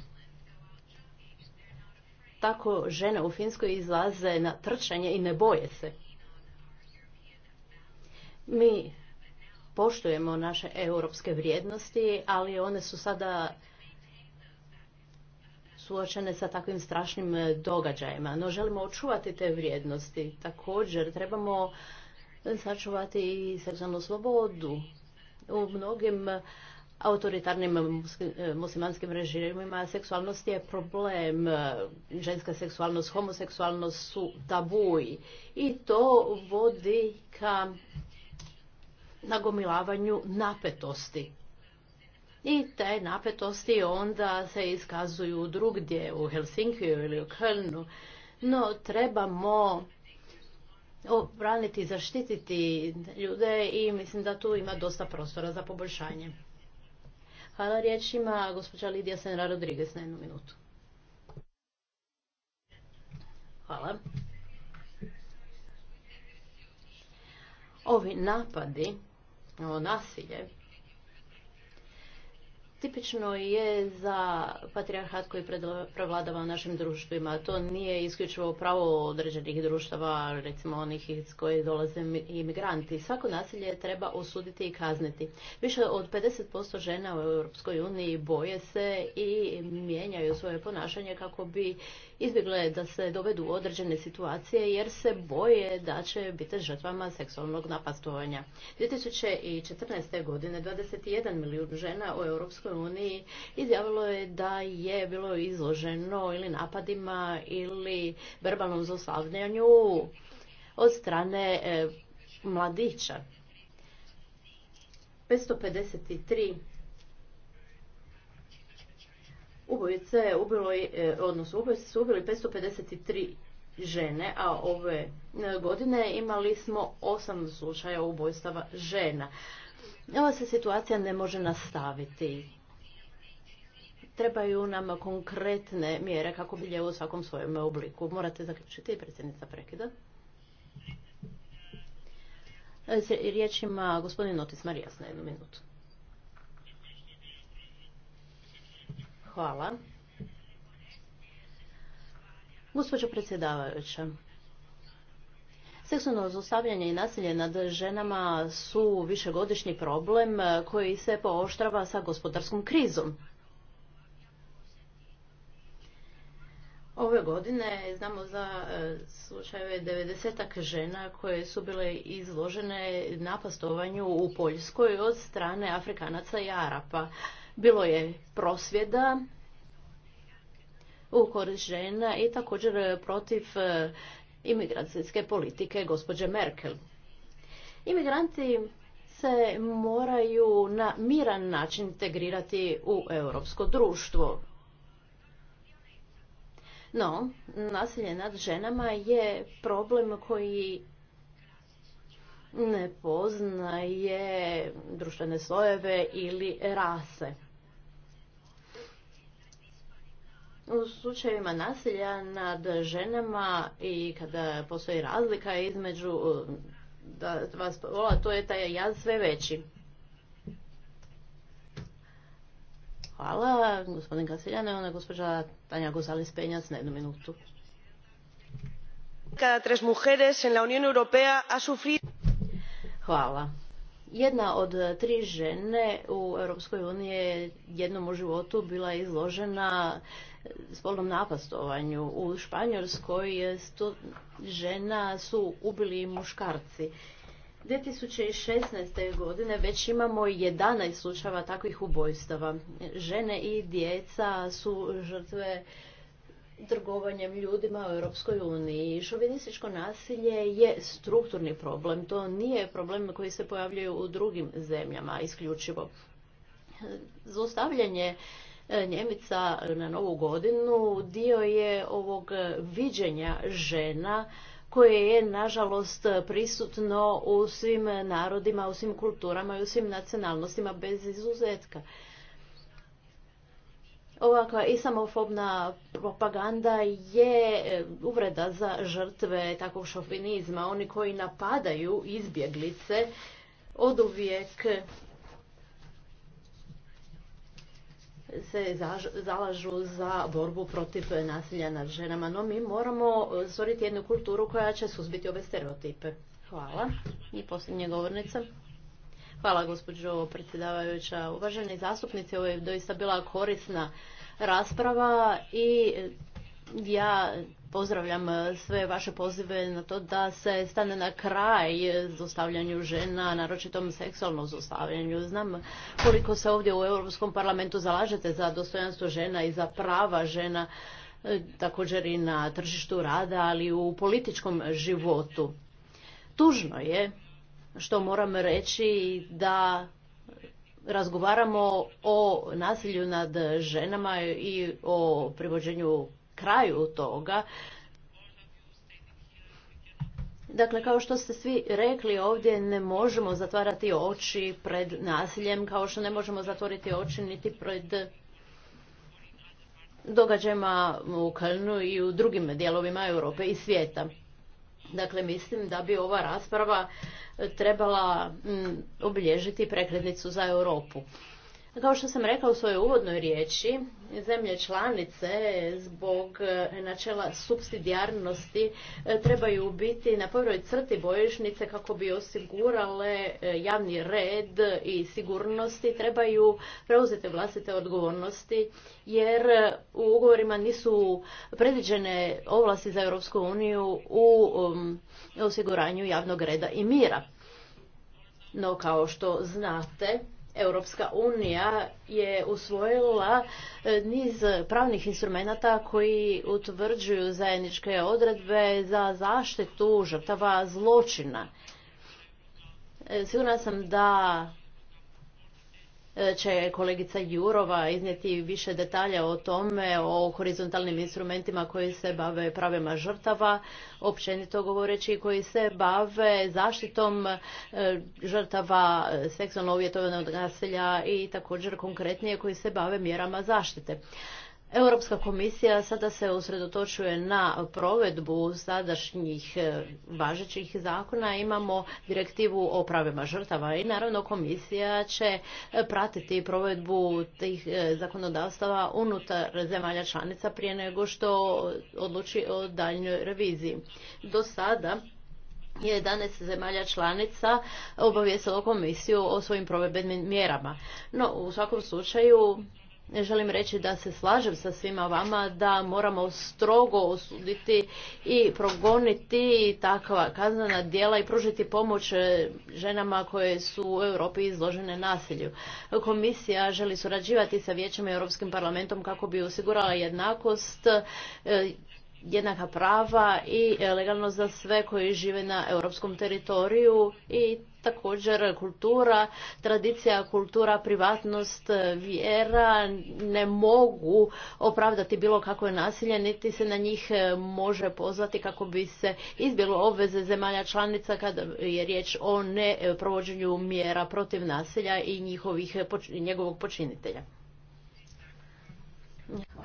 Tako žene u Finskoj izlaze na trčanje i ne boje se. Mi poštujemo naše europske vrijednosti, ali one su sada suočene sa takvim strašnim događajima. No želimo očuvati te vrijednosti. Također trebamo sačuvati i seksualnu slobodu. U mnogim autoritarnim muslimanskim režimima seksualnost je problem. Ženska seksualnost, homoseksualnost su tabuji. I to vodi ka nagomilavanju napetosti. I te napetosti onda se iskazuju drugdje u Helsinkiju ili u Kölnu. No trebamo obraniti zaštititi ljude i mislim da tu ima dosta prostora za poboljšanje. Hvala ima gospođa Lidija Senra Rodriguez na jednu minutu. Hvala. Ovi napadi nasilje tipično je za patrijarhat koji prevladava u našim društvima. To nije isključivo pravo određenih društava, recimo onih iz koje dolaze imigranti. Svako nasilje treba osuditi i kazniti. Više od 50% žena u Europskoj uniji boje se i mijenjaju svoje ponašanje kako bi izbjegle da se dovedu u određene situacije jer se boje da će biti žrtvama seksualnog napastovanja. 2014. godine 21 milijun žena u Europskoj uniji izjavilo je da je bilo izloženo ili napadima ili verbalnom zlostavljanju od strane e, mladića. 553 ubojice ubilo, e, odnosno su ubili 553 žene, a ove e, godine imali smo osam slučaja ubojstava žena. Ova se situacija ne može nastaviti trebaju nam konkretne mjere kako ljevo u svakom svojem obliku. Morate zaključiti, predsjednica prekida. E, riječ ima gospodin Otis Marijas na jednu minutu. Hvala. Gospođo predsjedavajuća, Seksualno zlostavljanje i nasilje nad ženama su višegodišnji problem koji se pooštrava sa gospodarskom krizom. Ove godine znamo za e, slučajeve 90 žena koje su bile izložene napastovanju u Poljskoj od strane Afrikanaca i Arapa. Bilo je prosvjeda u korist žena i također protiv e, imigracijske politike gospođe Merkel. Imigranti se moraju na miran način integrirati u europsko društvo no, nasilje nad ženama je problem koji ne poznaje društvene slojeve ili rase. U slučajevima nasilja nad ženama i kada postoji razlika između vas spola, to je taj jaz sve veći. Hvala, gospodin Kasiljano. Ona je gospođa Tanja Gozales Penjac na jednu minutu. Cada tres mujeres en la Unión Europea Hvala. Jedna od tri žene u Europskoj uniji je jednom u životu bila izložena spolnom napastovanju. U Španjolskoj sto žena su ubili muškarci 2016. godine već imamo 11 slučajeva takvih ubojstava. Žene i djeca su žrtve trgovanjem ljudima u Europskoj uniji. Šovinističko nasilje je strukturni problem. To nije problem koji se pojavljuje u drugim zemljama isključivo. Zostavljanje e, Njemica na novu godinu dio je ovog viđenja žena koje je nažalost prisutno u svim narodima, u svim kulturama i u svim nacionalnostima bez izuzetka. Ovakva islamofobna propaganda je e, uvreda za žrtve takvog šofinizma. Oni koji napadaju izbjeglice od uvijek se zalažu za borbu protiv nasilja nad ženama, no mi moramo e, stvoriti jednu kulturu koja će suzbiti ove stereotipe. Hvala. I posljednja govornica. Hvala gospođo predsjedavajuća. Uvaženi zastupnici, ovo je doista bila korisna rasprava i ja Pozdravljam e, sve vaše pozive na to da se stane na kraj zostavljanju žena, naročitom seksualnom zlostavljanju. Znam koliko se ovdje u Europskom parlamentu zalažete za dostojanstvo žena i za prava žena, e, također i na tržištu rada, ali i u političkom životu. Tužno je što moram reći da razgovaramo o nasilju nad ženama i o privođenju kraju toga. Dakle, kao što ste svi rekli, ovdje ne možemo zatvarati oči pred nasiljem, kao što ne možemo zatvoriti oči niti pred događajima u Kalnu i u drugim dijelovima Europe i svijeta. Dakle, mislim da bi ova rasprava trebala mm, obilježiti prekretnicu za Europu. Kao što sam rekla u svojoj uvodnoj riječi, zemlje članice zbog e, načela subsidijarnosti e, trebaju biti na prvoj crti bojišnice kako bi osigurale e, javni red i sigurnosti, trebaju preuzeti vlastite odgovornosti jer u ugovorima nisu predviđene ovlasti za Europsku uniju u um, osiguranju javnog reda i mira. No kao što znate, Europska unija je usvojila e, niz pravnih instrumenata koji utvrđuju zajedničke odredbe za zaštitu žrtava zločina. E, sigurna sam da E, će kolegica Jurova iznijeti više detalja o tome, o horizontalnim instrumentima koji se bave pravima žrtava, općenito govoreći koji se bave zaštitom e, žrtava seksualno uvjetovanog nasilja i također konkretnije koji se bave mjerama zaštite. Europska komisija sada se usredotočuje na provedbu sadašnjih e, važećih zakona. Imamo direktivu o pravima žrtava i naravno komisija će e, pratiti provedbu tih e, zakonodavstava unutar zemalja članica prije nego što odluči o daljnjoj reviziji. Do sada je 11 zemalja članica obavijestilo komisiju o svojim provedbenim mjerama. No, u svakom slučaju ne želim reći da se slažem sa svima vama da moramo strogo osuditi i progoniti takva kaznena djela i pružiti pomoć e, ženama koje su u Europi izložene nasilju. Komisija želi surađivati sa Vijećem i Europskim parlamentom kako bi osigurala jednakost e, jednaka prava i e, legalno za sve koji žive na europskom teritoriju i također kultura, tradicija, kultura, privatnost, e, vjera ne mogu opravdati bilo kako je nasilje, niti se na njih e, može pozvati kako bi se izbjelo obveze zemalja članica kada je riječ o neprovođenju mjera protiv nasilja i njihovih njegovog počinitelja.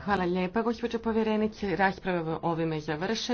Hvala lijepa, gospođo povjerenice. Rasprava ovime završena.